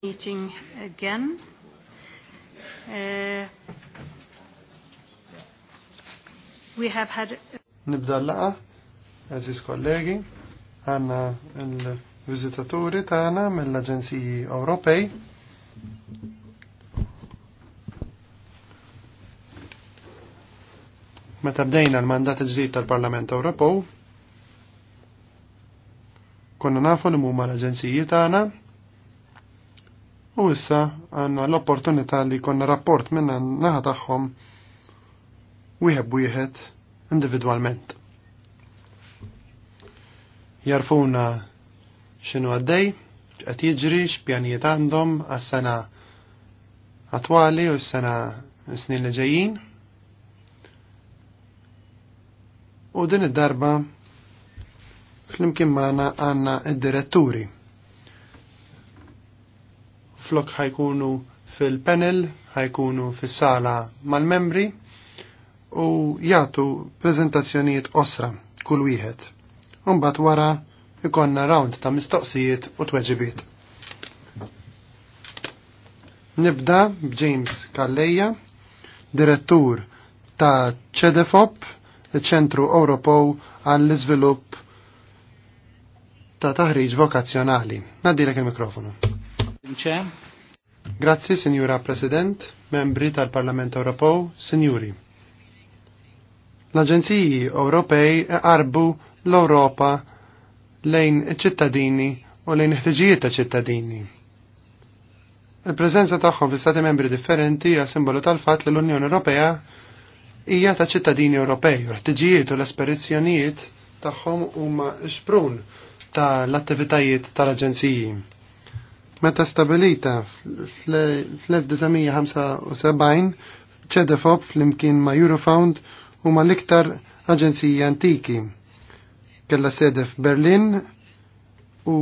meeting again. Uh, we have had... Nibda l-laqa, għaziz kollegi, għanna l-vizitaturi tagħna mill-Aġenziji Ewropej. Meta bdejna l-mandat ġdid tal-Parlament Ewropew, konna nafu li huma l-aġenziji tagħna U issa għanna l-opportunità li konna rapport minna naħa tagħhom wieħed wieħed individwalment. Jarfuna x'inhu għaddej, qed jiġri x'pjanijiet għandhom għas-sena attwali u s-sena snin li ġejjin. U din id-darba flimkien magħna għandna id-diretturi flok ħajkunu fil-panel, ħajkunu fis-sala mal-membri u jagħtu preżentazzjonijiet osra kull wieħed. Umbat wara ikonna round ta' mistoqsijiet u tweġibiet. Nibda b'James Kalleja, direttur ta' ċedefop, ċentru Ewropew għall-iżvilupp ta' taħriġ vokazzjonali. Nadilek il-mikrofonu. Grazzi, Signora President, membri tal-Parlament Ewropew, signori. L-Aġenziji Ewropej arbu l-Ewropa lejn ċittadini u lejn ħtiġijiet ta' ċittadini. Il-preżenza tagħhom fi stati membri differenti hija simbolu tal-fatt li l-Unjoni Ewropea hija ta' ċittadini Ewropej u ħtiġijiet u l-esperizzjonijiet tagħhom huma xprun tal-attivitajiet tal-aġenziji. Meta stabilita fl-1975 ċedefob fl-imkien ma' Eurofound u ma' liktar aġenziji antiki. Kella sede f'Berlin u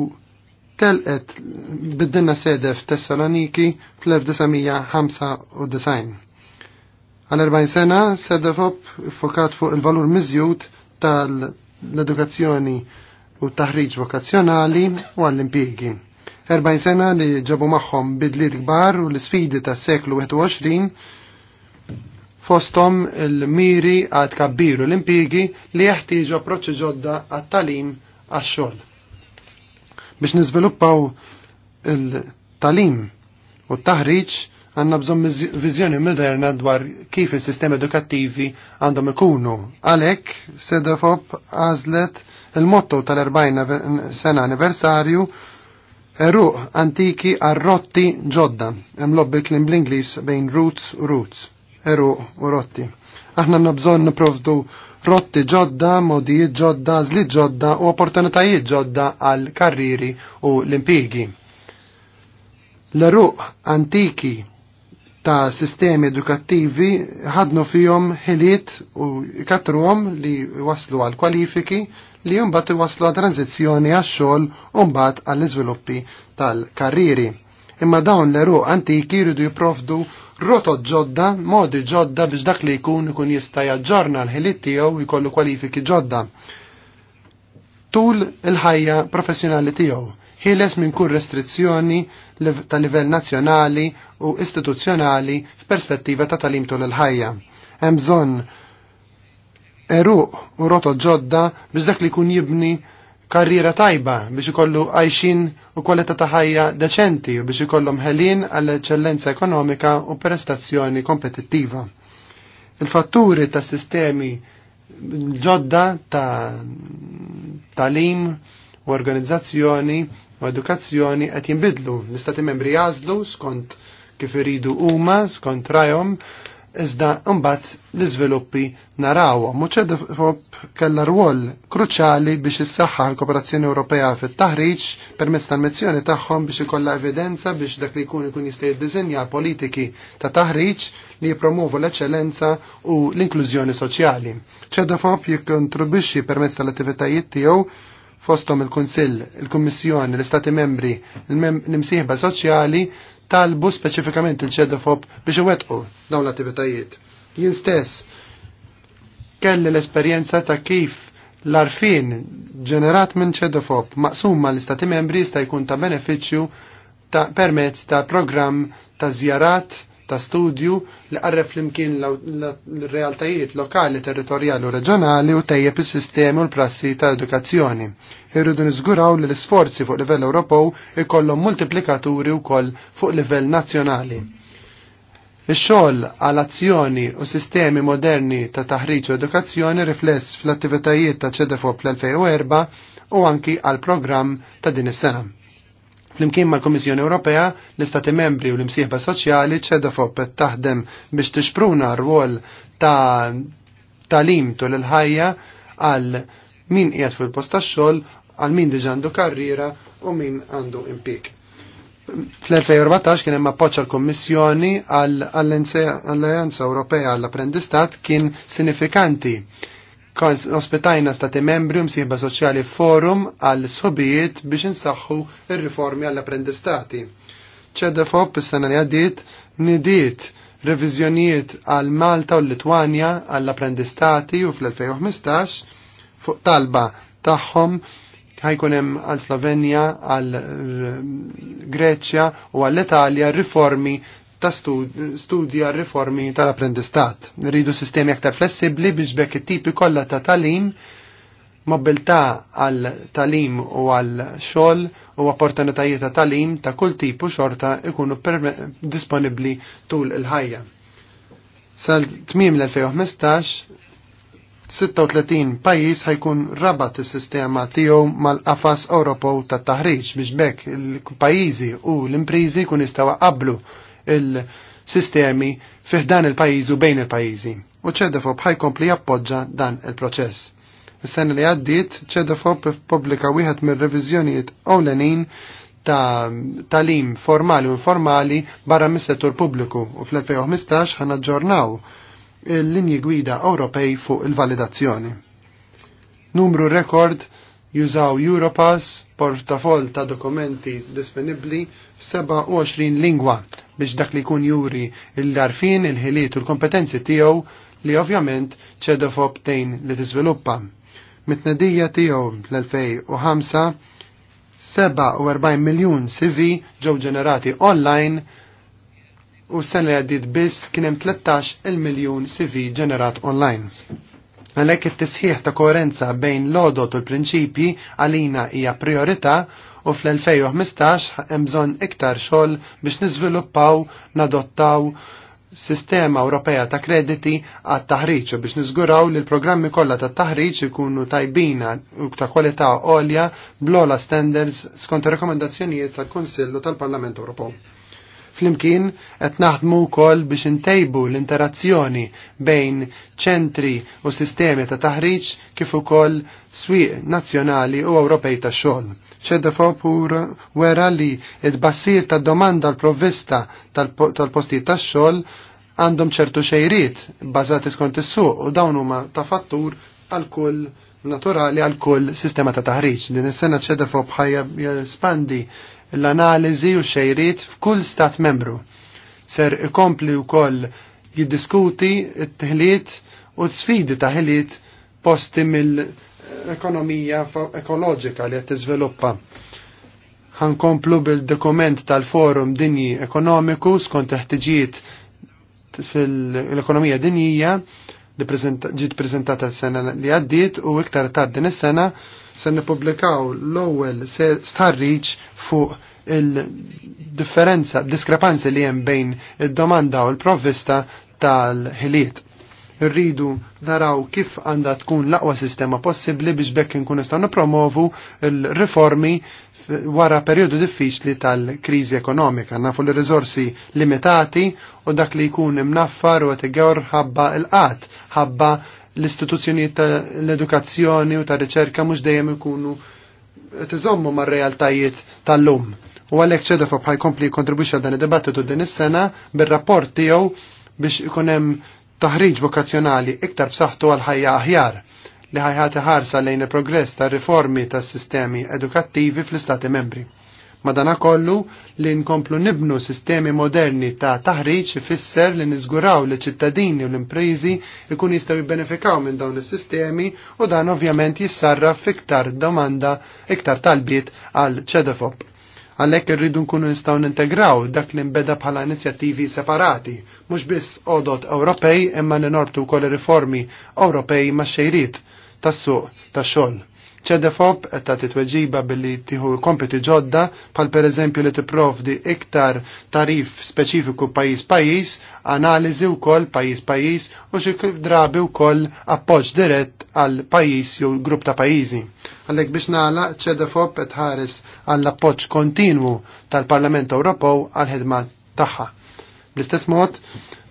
telqet biddinna sede f'Tessaloniki fl-1995. Għal 40 sena sedefob fokat fuq il-valur miżjud tal-edukazzjoni u taħriġ vokazzjonali u għall impiegi 40 sena li ġabu magħhom bidliet kbar u l-sfidi tas-seklu 21 fostom il-miri għad kabbiru l-impigi li jeħtieġu approċċi ġodda għat-talim għax-xogħol. Biex niżviluppaw il-talim u t-taħriġ għanna bżonn vizjoni moderna dwar kif il-sistem edukattivi għandhom ikunu. Għalek, Sedefop għazlet il-motto tal-40 sena anniversarju Eruq antiki arrotti ġodda, hemm bil klim bl-Ingliż bejn roots u roots, eruq u rotti. Aħna nabżon niprovdu rotti ġodda, modijiet ġodda, zli ġodda u opportunitajiet ġodda għal karriri u l-impigi. L-eruq antiki ta' sistemi edukattivi ħadnu fihom ħiliet u ikatruhom li waslu għal kwalifiki li jumbat iwaslu tranzizjoni għax-xogħol u mbagħad għall-iżviluppi tal-karriri. Imma dawn l eru antiki jridu jiprofdu rotot ġodda, modi ġodda biex dak li jkun ikun jista' jaġġorna l-ħiliet tiegħu jkollu kwalifiki ġodda. Tul il-ħajja professjonali tiegħu ħieles minn kull restrizzjoni ta' livell nazzjonali u istituzzjonali f'perspettiva ta' talimtu tul il-ħajja. Hemm bżonn eruq u roto ġodda biex dak li kun jibni karriera tajba biex ikollu għajxin u kwalità ta' ħajja deċenti u biex ikollhom ħelin għall-eċellenza ekonomika u prestazzjoni kompetittiva. Il-fatturi ta' sistemi ġodda ta' talim u organizzazzjoni u edukazzjoni qed jinbidlu. L-istati membri jażlu skont kif iridu huma skont rajhom iżda mbagħad l-iżviluppi narawha. Muċedofob kellha rwol kruċjali biex is-saħħa l koperazzjoni Ewropea fit-taħriġ permezz tal-mezzjoni tagħhom biex ikollha evidenza biex dak li jkun ikun jista' jiddiżenja politiki ta' taħriġ li jipromuvu l-eċċellenza u l-inklużjoni soċjali. Ċedofob jikkontribwixxi permezz tal-attivitajiet tiegħu fostom il-Kunsill, il-Kummissjoni, l-Istati Membri, l-Imsieħba Soċjali talbu speċifikament il-ċedofob biex iwettqu dawn l-attivitajiet. Jien stess kelli l-esperjenza ta' kif l-arfin ġenerat minn ċedofob maqsum ma l-istati membri sta' jkun ta' beneficju ta' permezz ta' programm ta' zjarat ta' studju li qarref flimkien l-realtajiet lokali, territorjali u reġjonali u tejjeb is-sistemi u l-prassi ta' edukazzjoni. Irridu niżguraw li l-isforzi fuq livell Ewropew ikollhom multiplikaturi wkoll fuq livell nazzjonali. Ix-xogħol għal azzjoni u sistemi moderni ta' taħriġ u edukazzjoni rifless fl-attivitajiet ta' ċedefop l-2004 u anki għal programm ta' din is-sena. Flimkien mal-Komissjoni Ewropea, l-Istati membri u l-imsieħba soċjali ċedda fuq taħdem biex tixpruna rwol ta' talim tul il-ħajja għal min qiegħed fil-post tax-xogħol, għal min diġa għandu karriera u min għandu impik. Fl-2014 kien hemm appoġġ għall komissjoni għall-Alleanza Ewropea għall-Apprendistat kien sinifikanti ospitajna stati membri msiħba soċjali forum għal sħobijiet biex insaħħu il riformi għall-apprendistati. fob is-sena li għaddiet nidiet revizjonijiet għal Malta u Litwanja għall-apprendistati u fl-2015 fuq talba tagħhom ħajkunem hemm għal Slovenja, għal eh, Greċja u għall Italja riformi ta' studja riformi tal-apprendistat. Rridu sistemi aktar flessibli biex bekk it-tipi kollha ta' talim, mobilità għal talim u għal xogħol u opportunitajiet ta' talim ta' kull tipu xorta ikunu disponibbli tul il-ħajja. Sal-tmim l-2015 36 pajis ħajkun rabat is-sistema tiegħu mal-qafas Ewropew tat-taħriġ biex bekk il-pajjiżi u l-imprizi jkun jistgħu qablu il-sistemi fih dan il-pajizi u bejn il-pajizi. U ċedafob ħajkompli jappoġġa dan il-proċess. Is-sena li għaddiet, ċedefob pubblika wieħed mir-reviżjonijiet ewlenin ta' talim formali u informali barra mis-settur pubbliku u fl-2015 ħanaġġornaw il-linji gwida Ewropej fuq il-validazzjoni. Numru rekord jużaw Europass, portafol ta' dokumenti disponibli f'27 lingwa biex dak li jkun juri l darfin il-ħiliet u l-kompetenzi tiegħu li ovvjament ċedha fuq tejn li tiżviluppa. Mitnedija tiegħu l-2005 47 miljun CV ġew ġenerati online u s li għaddit biss kien hemm 13 il miljun CV ġenerat online. Għalhekk it-tisħiħ ta' koerenza bejn l-odot u l-prinċipji għalina hija priorità u fl-2015 hemm bżonn iktar xogħol biex niżviluppaw, nadottaw sistema Ewropea ta' krediti għat taħriġ u biex niżguraw li l-programmi kollha ta' taħriġ ikunu tajbina u ta' kwalità għolja blola standards skont ir rekomendazzjonijiet tal-Kunsill u tal-Parlament Ewropew. Flimkien qed naħdmu wkoll biex intejbu l-interazzjoni bejn ċentri u sistemi ta' taħriġ kif ukoll swieq nazzjonali u Ewropej ta' xogħol. pur wera li id-bassir ta' domanda l-provvista tal-postijiet ta' xogħol għandhom ċertu xejriet bażati skont is-suq u dawn huma ta' fattur għal kull naturali għal kull sistema ta' taħriġ. Din is-sena ċedefop ħajja spandi l-analiżi u xejriet f'kull stat membru. Ser ikompli wkoll jiddiskuti t-teħliet u t-sfidi ta' ħiliet posti mill-ekonomija ekoloġika li qed tiżviluppa. Ħankomplu bil-dokument tal-Forum Dinji Ekonomiku skont teħtiġijiet fil-ekonomija dinjija li ġiet prezentata s-sena li għaddiet u iktar tard din is-sena se nippubblikaw l-ewwel starriċ fuq il-differenza, diskrepanzi li hemm bejn id-domanda u l-provvista tal-ħiliet. Irridu naraw kif għandha tkun l-aqwa sistema possibbli biex bekk nkun nistgħu nippromovu l-riformi wara periodu diffiċli tal-kriżi ekonomika. Nafu li riżorsi limitati u dak li jkun imnaffar u għet ħabba il-qat, ħabba l-istituzzjonijiet tal-edukazzjoni u ta' riċerka mhux dejjem ikunu tiżommu mar-realtajiet tal-lum. U għalhekk ċedofob ħajkompli għal dan id-dibattitu din is-sena bir-rapport tiegħu biex ikun hemm taħriġ vokazzjonali iktar b'saħħtu għal ħajja aħjar li ħajħati ħarsa lejn il-progress tar riformi tas sistemi edukattivi fl-Istati membri. Madana kollu li nkomplu nibnu sistemi moderni ta' taħriġ ifisser li niżguraw li ċittadini u l-imprejzi ikun jistgħu jibbenefikaw minn dawn is-sistemi u dan ovvjament jissarraf fiktar domanda iktar talbiet għal ċedefop. Għalhekk irridu nkunu nistgħu nintegraw dak li nbeda bħala inizjattivi separati, mhux biss odot Ewropej imma li norbtu wkoll riformi Ewropej ma' xejrit tas-suq tax-xogħol ċedefob qed tagħti tweġiba billi tieħu kompiti ġodda bħal pereżempju li tipprovdi iktar tarif speċifiku pajjiż pajjiż, analiżi wkoll pajjiż pajjiż u xi drabi wkoll appoġġ dirett għal pajjiż jew grupp ta' pajjiżi. Għalhekk biex nagħlaq ċedefob qed ħares għall appoġġ kontinwu tal-Parlament Ewropew għal ħedma tagħha. Bl-istess mod,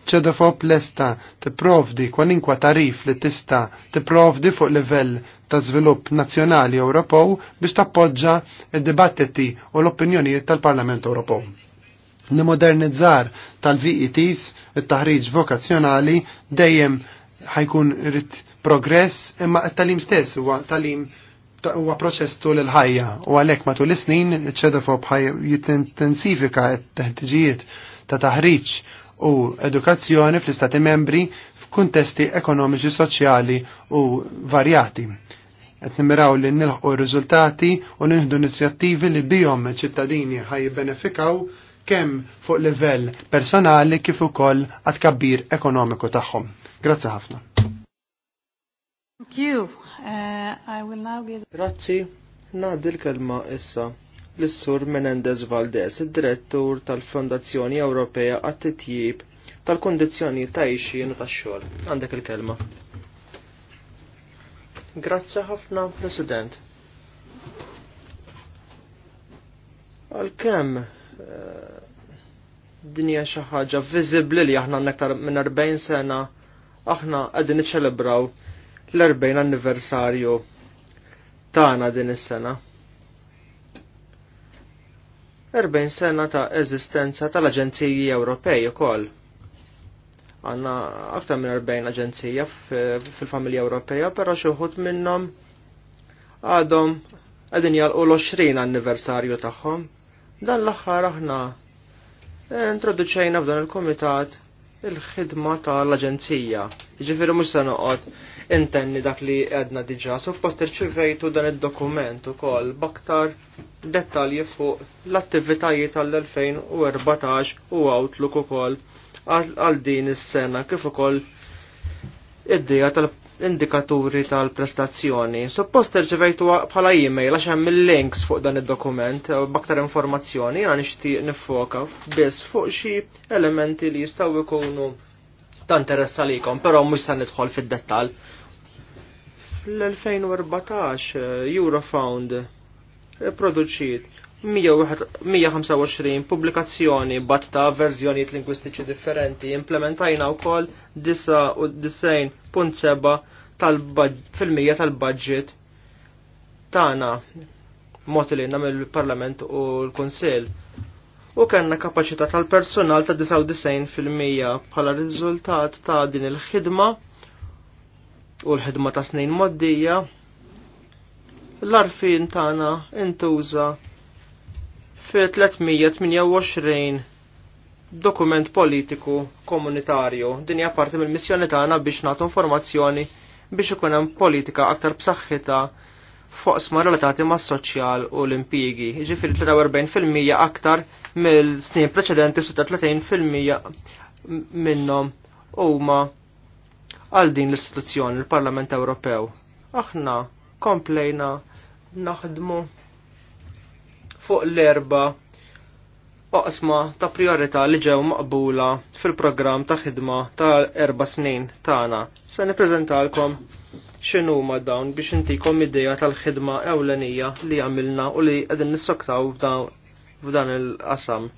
ċedofob lesta tipprovdi kwalinkwa tarif li tista tipprovdi fuq livell ta' żvilupp nazzjonali Ewropew biex tappoġġa id-dibattiti u l-opinjonijiet tal-Parlament Ewropew. Nimodernizzar tal-VETs, il taħriġ vokazzjonali, dejjem ħajkun rrit progress imma tal-im stess huwa tal-im huwa proċess tul il-ħajja u għalhekk matul is-snin ċedofob ħaj jittensifika t-teħtiġijiet ta' taħriġ u edukazzjoni fl-Istati membri f'kuntesti ekonomiċi, soċjali u varjati. Qed nimiraw li nilħqu riżultati u nieħdu inizjattivi li bijom ċittadini ħaj benefikaw kemm fuq livell personali kif ukoll għat kabbir ekonomiku tagħhom. Grazzi ħafna. Uh, Grazzi. Nadi l-kelma issa l-Sur Menendez Valdez, id-direttur tal-Fondazzjoni Ewropea għat-titjib tal-kondizzjoni ta' ixin u tax-xogħol. Għandek il-kelma. Grazzi ħafna, President. Għal-kem eh, dinja xi ħaġa viżibbli li aħna nektar minn 40 sena aħna qegħdin niċċelebraw l-40 anniversarju tagħna din is-sena. 40 sena ta' eżistenza tal-Aġenziji Ewropej ukoll. Għanna aktar minn 40 aġenzija fil-familja Ewropeja, però xi wħud minnhom għadhom qegħdin jalqu l-20 anniversarju tagħhom. Dan l-aħħar aħna eh, introduċejna f'dan il-Kumitat il-ħidma tal-Aġenzija. Jiġifieri mhux se noqgħod intenni dak li għedna diġa, suppost irċivejtu dan id-dokument ukoll baktar dettalji fuq l-attivitajiet tal-2014 u outlook ukoll għal din is-sena kif ukoll id-dija tal-indikaturi tal-prestazzjoni. Suppost irċivejtu bħala email għax hemm il-links fuq dan id-dokument eh, baktar informazzjoni jiena nixtieq nifoka biss fuq xi elementi li jistgħu jkunu ta' interess għalikom, pero mux nidħol fid dettall fl-2014 Eurofound eh, produċiet 125 pubblikazzjoni batta ta' verżjonijiet lingwistiċi differenti implementajna wkoll 99.7 tal-fil-mija tal-budget tagħna motilin nam mill-Parlament u l-Kunsill u kellna kapaċità tal-personal ta' 99% bħala riżultat ta' din il-ħidma u l-ħidma ta' snin moddija l-arfin tagħna intuża fi 328 dokument politiku komunitarju. Din hija parti mill-missjoni tagħna biex nagħtu informazzjoni biex ikun hemm politika aktar b'saħħitha fuq sma relatati ma' soċjal u l-impjigi. Ġifiri 43% aktar mill-snin preċedenti 36% minnhom huma għal din l-istituzzjoni l-Parlament Ewropew. Aħna komplejna naħdmu fuq l-erba oqsma ta' priorità li ġew maqbula fil-programm ta' ħidma ta' erba snin tagħna. Se nippreżentalkom x'inhuma dawn biex intikom idea tal-ħidma ewlenija li għamilna u li qegħdin nissoktaw f'dan il-qasam.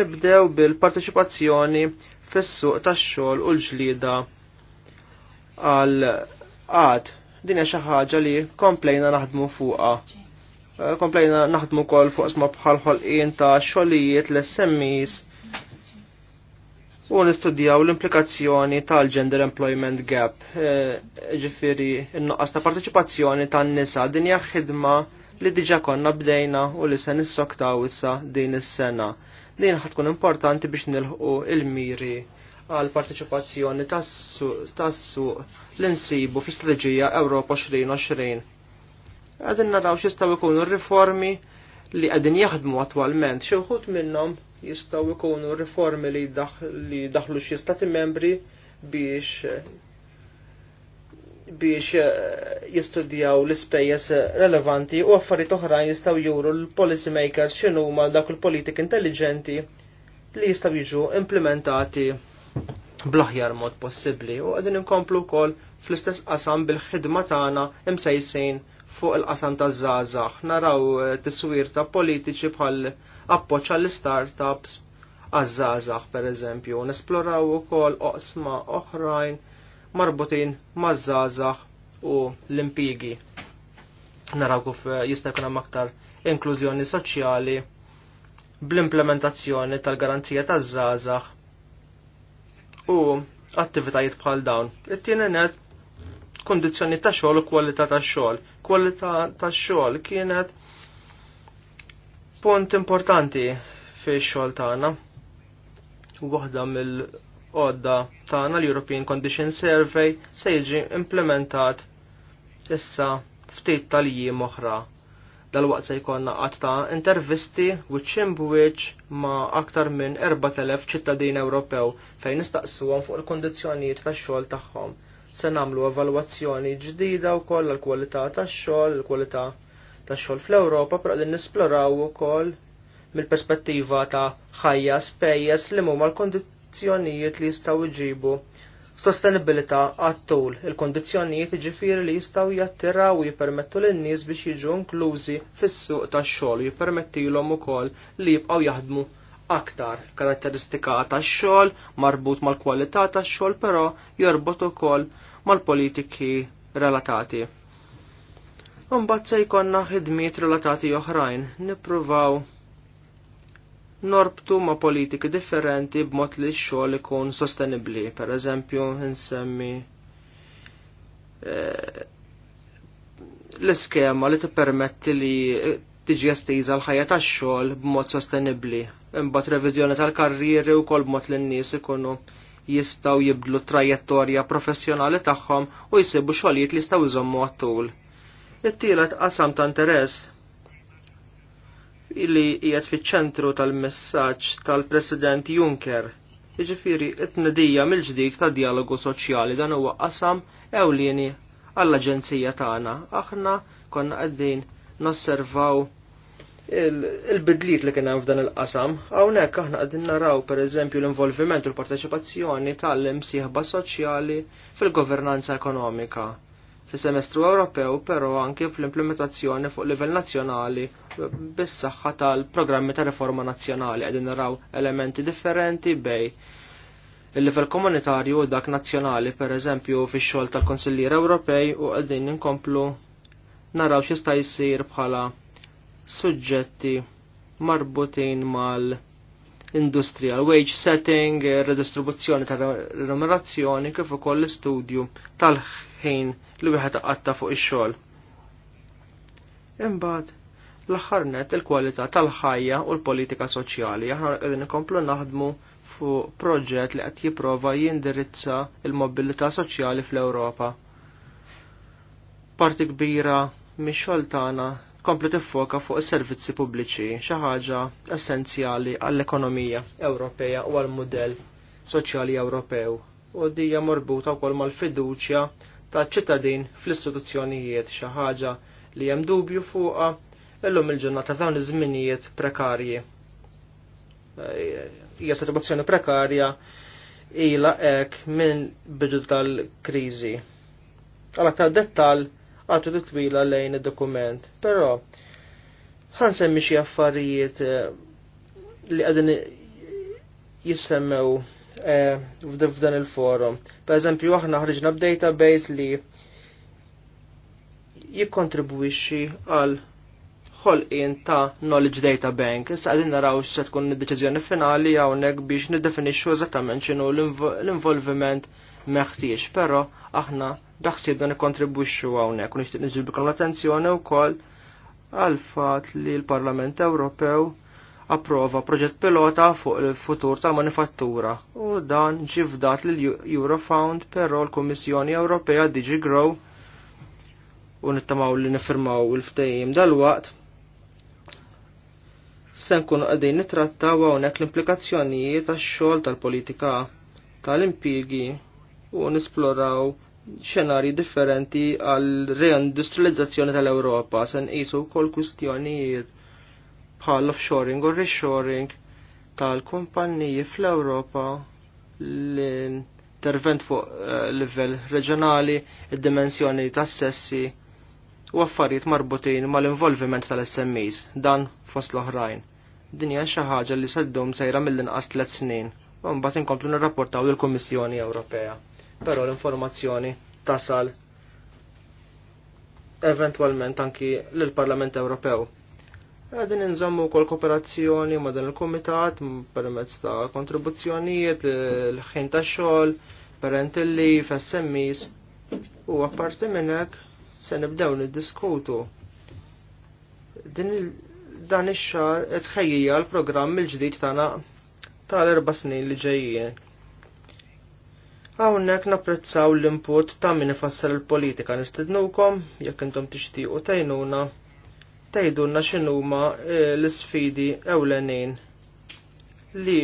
Nibdew bil-parteċipazzjoni fis-suq tax-xogħol u l-ġlieda għal għad din hija xi ħaġa li komplejna naħdmu fuqha. Eh, komplejna naħdmu wkoll fuq sma bħal ħolqien ta' xogħlijiet l-SMEs u nistudjaw l-implikazzjoni tal-gender employment gap, eh, ġifiri n-nuqqas ta' partecipazzjoni tan-nisa din hija ħidma li diġa konna bdejna u li se nissoktaw issa din is-sena. Din ħatkun importanti biex nilħu il-miri għal partiċipazzjoni tas-suq l-insibu fi strategija Ewropa 2020. Għadin naraw xistaw jkunu riformi li għadin jaħdmu attwalment, xi wħud minnhom jistgħu jkunu riformi li daħlu xistati membri biex biex eh, jistudjaw l-ispejjeż relevanti u affarijiet oħrajn jistgħu juru l-policy makers x'inhu huma dak il-politik intelligenti li jistgħu jiġu implementati blaħjar mod possibbli u għadin inkomplu wkoll fl-istess qasam bil-ħidma tagħna imsejsejn fuq il-qasam ta' żgħażagħ naraw eh, tiswir ta' politiċi bħal appoġġ għall-startups għaż-żgħażagħ pereżempju nesploraw ukoll oqsma oħrajn marbutin maż-żgħażagħ u l-impigi. Naraw kif eh, jista' jkun hemm aktar inklużjoni soċjali bl-implementazzjoni tal-garanzija taż-żgħażagħ u attivitajiet bħal dawn. It-tieni net kondizzjoni ta' xogħol u kwalità ta' xogħol. Kwalità ta' xogħol kienet punt importanti fi xogħol tagħna. Waħda mill-qodda tagħna l-European Condition Survey se jiġi implementat issa ftit tal-jiem oħra Dal-waqt se jkollna qatt ta' intervisti wiċċ imbuwiċ ma' aktar minn 4000 ċittadin Ewropew fejn nistaqsuhom fuq il-kondizzjonijiet tax-xogħol tagħhom. Se nagħmlu evalwazzjoni ġdida wkoll għall kwalità tax-xogħol, il-kwalità tax-xogħol fl-Ewropa, però qegħdin nisploraw ukoll mill-perspettiva ta' ħajja spejjeż li huma l-kondizzjonijiet li jistgħu jġibu sostenibilità għattul il-kondizjonijiet ġifiri li jistaw jattira u jipermettu l-nies biex jiġu inklużi fis-suq tax-xogħol u jippermettilhom ukoll li jibqgħu jaħdmu aktar karatteristika tax-xogħol marbut mal-kwalità tax-xogħol però jorbot ukoll mal-politiki relatati. Imbagħad se jkollna ħidmiet relatati oħrajn nippruvaw norbtu ma' politiki differenti b'mod li x-xogħol ikun sostenibbli. Per eżempju, nsemmi eh, l-iskema li tippermetti li tiġi estiża l-ħajja tax-xogħol b'mod sostenibbli. Imbagħad reviżjoni tal-karrieri wkoll b'mod li n-nies ikunu jistgħu jibdlu trajettorja professjonali tagħhom u jsibu xogħlijiet li jistgħu jżommu għat-tul. It-tielet qasam ta' interess illi qiegħed fiċ-ċentru tal-messaġġ tal-President Juncker. Jiġifieri t-tnedija mill-ġdid ta' dialogu soċjali dan huwa qasam ewlieni għall-Aġenzija tagħna. Aħna konna qegħdin nosservaw il-bidliet li kien hemm f'dan il-qasam, hawnhekk aħna qegħdin naraw pereżempju l-involviment u l-parteċipazzjoni tal-imsieħba soċjali fil-governanza ekonomika fis-semestru Ewropew, però anke fl-implementazzjoni fuq livell nazzjonali bis-saħħa tal-programmi ta' riforma nazzjonali qegħdin naraw elementi differenti bej il-livell komunitarju u dak nazzjonali, per eżempju, fix-xogħol tal-Konsillier Ewropej u qegħdin inkomplu naraw x'jista' jsir bħala suġġetti marbutin mal industrial wage setting, redistribuzzjoni tal remunerazzjoni kif ukoll l-istudju tal-ħ ħin li wieħed qatta fuq ix-xogħol. Imbagħad l-aħħar net il-kwalità tal-ħajja u l-politika soċjali. Aħna qegħdin ikomplu naħdmu fuq proġett li qed jipprova jindirizza il-mobilità soċjali fl-Ewropa. Parti kbira mix-xogħol tagħna kompli tiffoka fuq is-servizzi pubbliċi, xi ħaġa essenzjali għall-ekonomija Ewropea u għall-mudell soċjali Ewropew. U dija morbuta wkoll mal-fiduċja ta' ċittadin fl-istituzzjonijiet xi ħaġa li hemm dubju fuqha illum il-ġurnata dawn iż-żminijiet prekarji. Eh, hija sitwazzjoni prekarja ilha hekk minn bidu tal-kriżi. Għalhekk ta' dettal għadu titwila lejn id-dokument, però ħan semmi xi affarijiet eh, li qegħdin jissemmew E, f'dan il-forum. Per eżempju, aħna ħriġna b'database li jikkontribwixxi għal ħolqien ta' Knowledge Data Bank. Issa għadin naraw x'se tkun id-deċiżjoni finali hawnhekk biex niddefinixxu eżattament x'inhu l-involviment meħtieġ, però aħna daħsibna nikkontribwixxu hawnhekk u nixtieq niġġielbilkom l-attenzjoni wkoll għal fatt li l-Parlament Ewropew approva proġett pilota fuq il-futur tal-manifattura u dan ġifdat lil Eurofound però l-Kummissjoni Ewropea Digi Grow u nittamaw li nifirmaw il-ftejim dal-waqt se nkunu qegħdin nittrattaw hawnhekk l-implikazzjonijiet tax-xogħol tal-politika tal impigi u nisploraw xenarji differenti għal reindustrializzazzjoni tal-Ewropa se nqisu wkoll kwistjonijiet bħal offshoring u reshoring tal-kumpanniji fl-Ewropa l-intervent fuq eh, livell reġjonali, id-dimensjoni tas-sessi u affarijiet marbutin mal-involviment tal-SMEs, dan fost l-oħrajn. Dinja xi ħaġa li seddum sejra mill-inqas tliet snin, u mbagħad inkomplu nirrapportaw lill-Kummissjoni Ewropea. Però l-informazzjoni tasal eventwalment anki lill-Parlament Ewropew. Għadin nżammu kol kooperazzjoni ma dan il-komitat permezz ta' kontribuzzjonijiet, l-ħin ta' xol, parental leave, SMEs u apparti minnek se nibdew niddiskutu. diskutu dan ix-xar etħajja l-programm il-ġdid tagħna tal-erba' snin li ġejjin. Hawnhekk napprezzaw l-input ta' min ifassal il-politika nistednukom jekk intom tixtiequ tajnuna tgħidulna x'inhuma eh, l-isfidi ewlenin li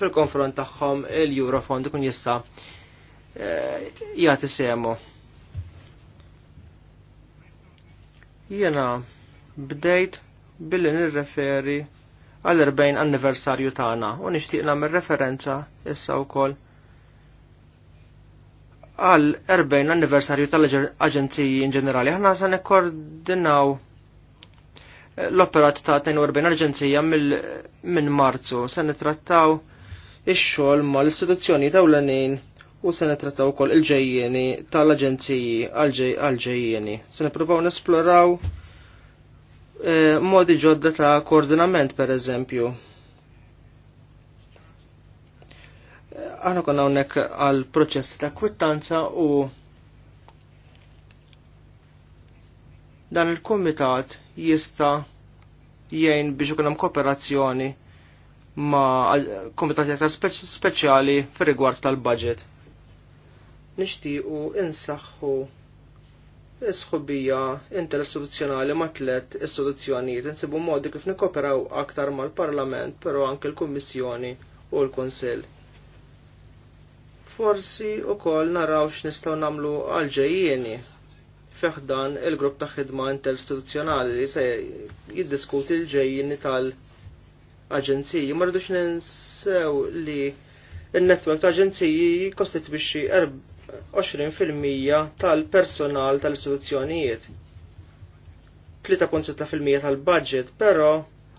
fil-konfront tagħhom il-Eurofond ikun jista' eh, jagħti semu. Jena bdejt billi nirreferi għall-40 anniversarju tagħna u nixtieq nagħmel referenza issa wkoll għall 40 anniversarju tal-aġenziji in ġenerali. Aħna se nekkordinaw l-operat ta' 42 Arġenzija minn Marzu. Se nitrattaw ix-xogħol mal istituzzjoni ewlenin u se nitrattaw ukoll il-ġejjieni tal-aġenziji għal-ġejjieni. Se nippruvaw nesploraw eh, modi ġodda ta' koordinament per eżempju. Eh, aħna konna hawnhekk għal proċess ta' kwittanza u dan il-komitat jista jgħin biex ikun hemm kooperazzjoni ma' komitati aktar speċjali fir-rigward tal-budget. Nixtiequ insaħħu sħubija interistituzzjonali ma' tlet istituzzjonijiet insibu modi kif nikoperaw aktar mal-Parlament, però anke l-Kummissjoni u l-Kunsill. Forsi u kol narawx nistaw nagħmlu għal ġejjieni feħdan il-grupp ta' ħidma interistituzzjonali li se jiddiskuti l-ġejjin tal-aġenziji. Ma rridux ninsew li il-netwerk ta' aġenziji kostitwixxi 20% tal-personal tal-istituzzjonijiet. 3.7% tal-budget, però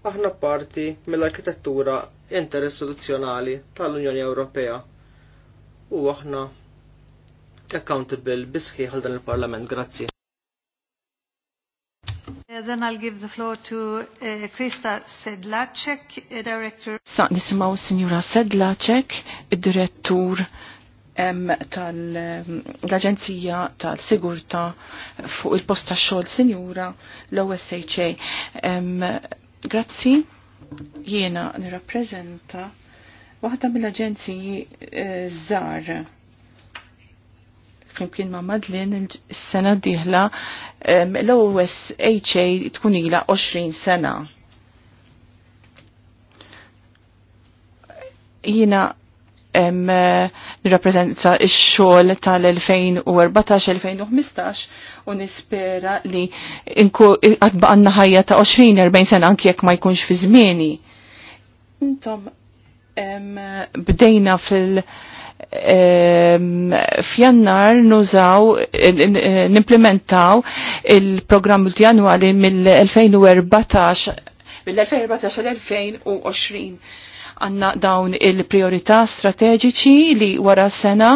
aħna parti mill-arkitettura interistituzzjonali tal-Unjoni Ewropea. U aħna accountable bisħiħ għal dan il-Parlament. Grazzi. Uh, then I'll give the floor to uh, Krista Sedlacek, uh, Director. Sa' nisimaw Signora Sedlacek, Direttur tal-Aġenzija tal-Sigurta fuq il-posta xogħol Sinjura l-OSHA. Grazzi, jiena nirrappreżenta waħda mill-aġenziji eh, żgħar flimkien ma' Madlin il-sena diħla l-OSHA tkun ila 20 sena. Jina nirrappreżenta il xogħol tal tal-2014-2015 u nispera li għadbaqanna ħajja ta' 20-40 sena anki jekk ma jkunx fi żmieni. Intom bdejna fil- Ehm, f'jannar nużaw, nimplementaw il-programm multijanwali mill-2014 mill-2014 l-2020 għanna dawn il-priorità strateġiċi li wara sena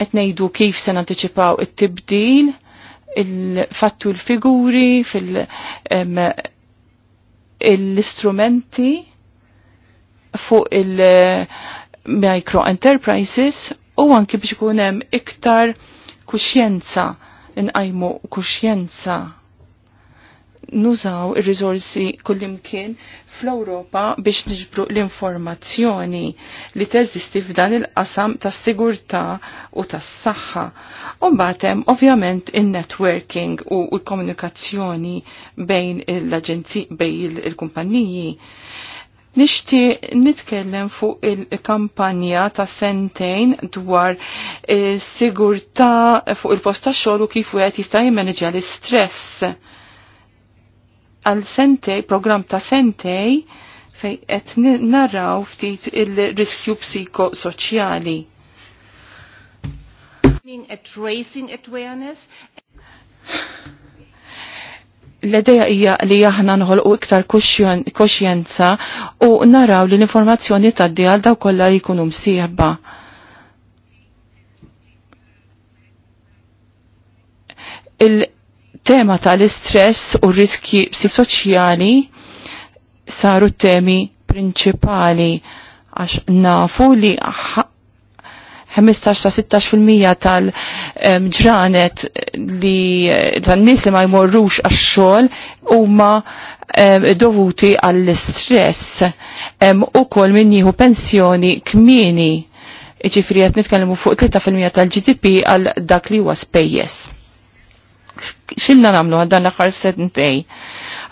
etnejdu kif se anticipaw it-tibdil, il-fattu l-figuri, fil-istrumenti ehm, fuq il- micro enterprises u anki biex ikun hemm iktar kuxjenza inqajmu kuxjenza nużaw ir-riżorsi kullimkien fl-Ewropa biex niġbru l-informazzjoni li teżisti f'dan il-qasam tas-sigurtà u tas-saħħa. U mbagħad hemm ovvjament in-networking u l-komunikazzjoni bejn l agenzi bejn il kumpanniji Nishti nitkellem fuq il-kampanja ta' sentejn dwar eh, sigurta fuq il-posta kif u għet wieħed jista' jimmaneġja l-istress. Għal sentej, program ta' sentej fej qed naraw ftit il-riskju psikosoċjali. At raising awareness l-ideja hija li aħna nħolqu iktar koxjenza u naraw li l-informazzjoni tad għal daw kollha jkunu msieħba. Il-tema tal-istress u riski psikosoċjali saru temi prinċipali għax nafu li 15-16% tal-ġranet ehm, li tan-nies li ma jmorrux għax-xogħol huma ehm, dovuti għall-istress ehm, u kol min jieħu pensjoni kmieni. Ġifri qed nitkellmu fuq 3% tal-GDP għal dak li huwa spejjeż. Xilna namlu dan l-aħħar sentej.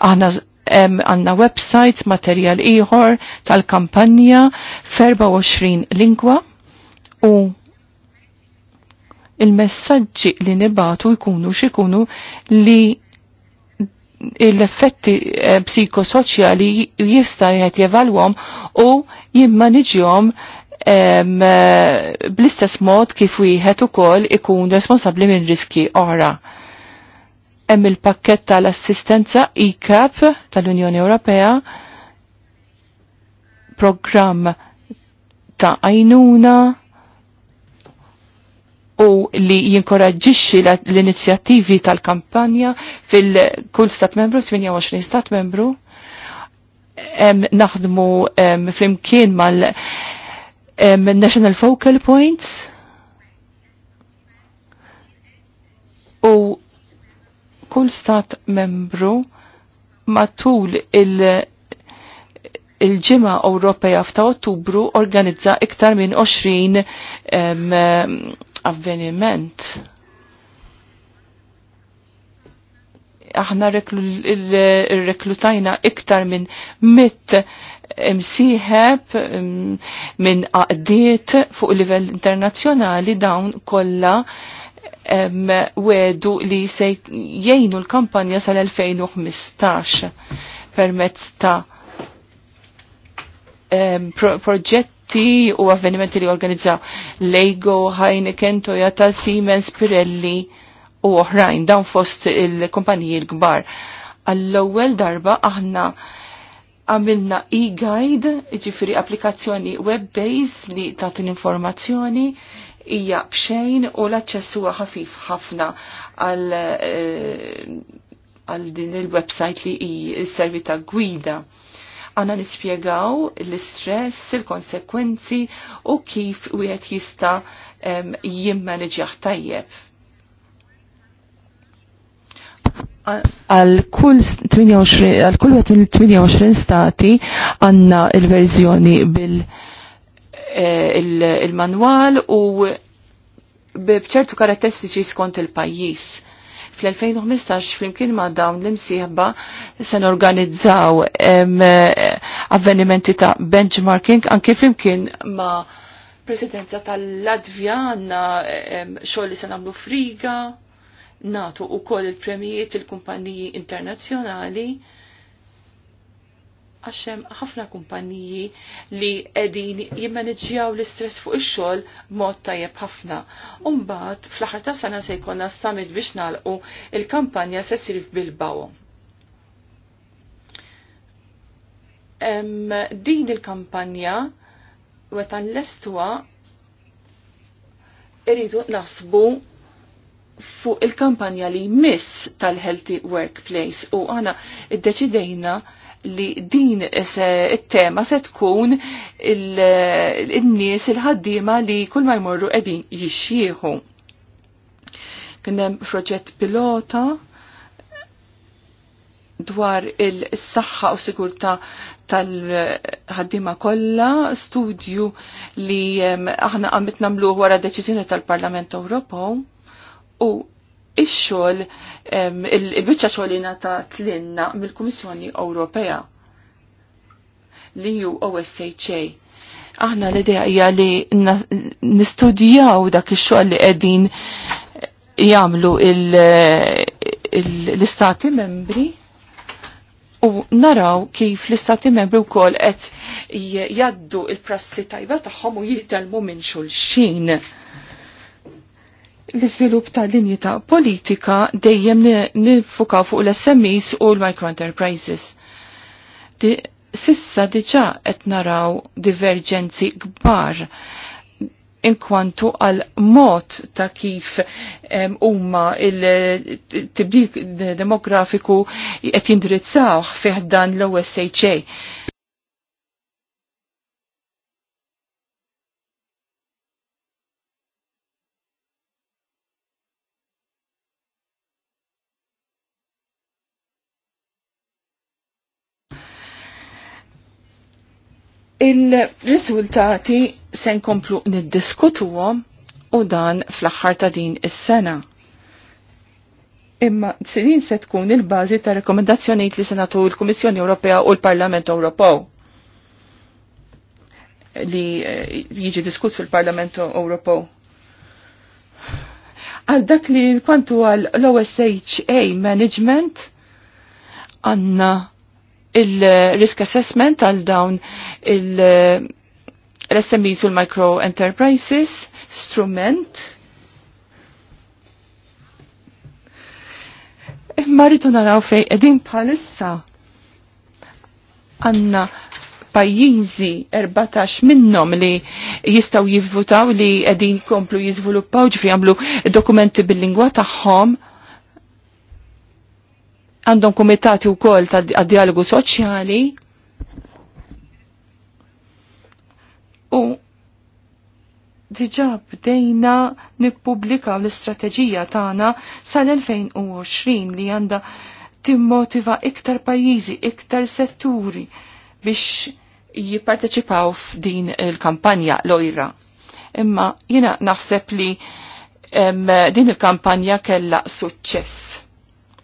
Aħna għanna websites, materjal iħor tal-kampanja 24 lingwa u il-messagġi li nibatu jkunu xikunu li l-effetti eh, psikosoċjali jista jħet jevalwom u jimmaniġjom eh, bl-istess mod kif wieħed ukoll ikun responsabbli minn riski oħra. Hemm il-pakkett tal-assistenza ICAP e tal-Unjoni Ewropea programm ta' għajnuna u li jinkoraġġixxi l-inizjattivi tal-kampanja fil-kull stat membru, 28 stat membru, naħdmu fl-imkien mal National Focal Points u kull stat membru matul il- il-ġimgħa Ewropea f'ta' Ottubru organizza iktar minn 20 avveniment aħna reklutajna iktar minn mit msiħeb mm, minn għaddiet fuq livell internazzjonali dawn kollha wedu li se jgħinu l-kampanja sal-2015 permezz ta' proġett eventi u avvenimenti li organizzaw Lego, Heineken, Toyota, Siemens, Pirelli u oħrajn dawn fost il-kumpaniji l-kbar. Għall-ewwel darba aħna għamilna e-guide, ġifiri applikazzjoni web-based li l informazzjoni hija bxejn u l-aċċess huwa ħafif ħafna għal eh, għal din il-website li i servi ta' gwida għanna nispiegaw l-istress, il-konsekwenzi u kif u jgħet jista jimmanġjaħ tajjeb. għal kull 28 stati għanna il-verżjoni bil manual eh, manwal u bċertu karatteristiċi skont il-pajjiż. Fl-2015 flimkien ma' dawn l-imsieħba se norganizzaw avvenimenti ta' benchmarking anke flimkien ma' presidenza tal-Latvja għanna xogħol li se nagħmlu friga, natu u koll il-premijiet il-kumpaniji internazzjonali għaxem ħafna kumpaniji li edin jimmanġjaw l-istress fuq ix-xogħol mod tajjeb ħafna. Umbat, fl-aħħar ta' sana se jkollna samit biex nagħlqu il-kampanja se ssir baw Din il-kampanja weta estwa irridu nasbu fuq il-kampanja li miss tal-Healthy Workplace u għana id-deċidejna li din it-tema se tkun il-nies il-ħaddima li kull ma jmorru qegħdin jixxieħu. Kien hemm proġett pilota dwar il-saħħa u sigurtà tal-ħaddima kollha, studju li aħna għamit nagħmluh wara deċiżjoni tal-Parlament Ewropew u ix-xogħol il bicċa xogħolina ta' tlinna mill-Kummissjoni Ewropea li ju OSHA. Aħna l-idea hija li nistudjaw dak ix-xogħol li qegħdin jagħmlu l-istati membri u naraw kif l-istati membri u kol qed jaddu il-prassi tajba tagħhom u jitelmu minn xulxin l-izvilup ta' linji ta' politika dejjem nifuka fuq l-SMEs u l microenterprises Di, sissa diġa qed naraw divergenzi kbar inkwantu għal mod ta' kif umma il-tibdil demografiku qed jindrizzaw fih dan l-OSHA Il-riżultati se nkomplu niddiskutuhom u dan fl-aħħar ta' din is-sena. Imma t-sirin se tkun il-bażi ta' rekomendazzjonijiet li senatu l-Kummissjoni Ewropea u l-Parlament Ewropew li eh, jiġi diskuss fil-Parlament Ewropew. Għal dak li kwantu għal l-OSHA management għanna il-risk assessment għal dawn l-SMEs u l-micro enterprises, strument. Imma rridu naraw fej edin palissa għanna pajjiżi 14 minnom li jistaw jivvutaw li edin komplu jizviluppaw ġifri għamlu dokumenti bil-lingwa taħħom għandhom kumitati u kol ta' dialogu soċjali u diġa bdejna nippubblika l-istrateġija tagħna sal-2020 li għandha timmotiva iktar pajjiżi, iktar setturi biex jipparteċipaw f'din il-kampanja l-ojra. Imma jiena naħseb li em, din il-kampanja kella suċċess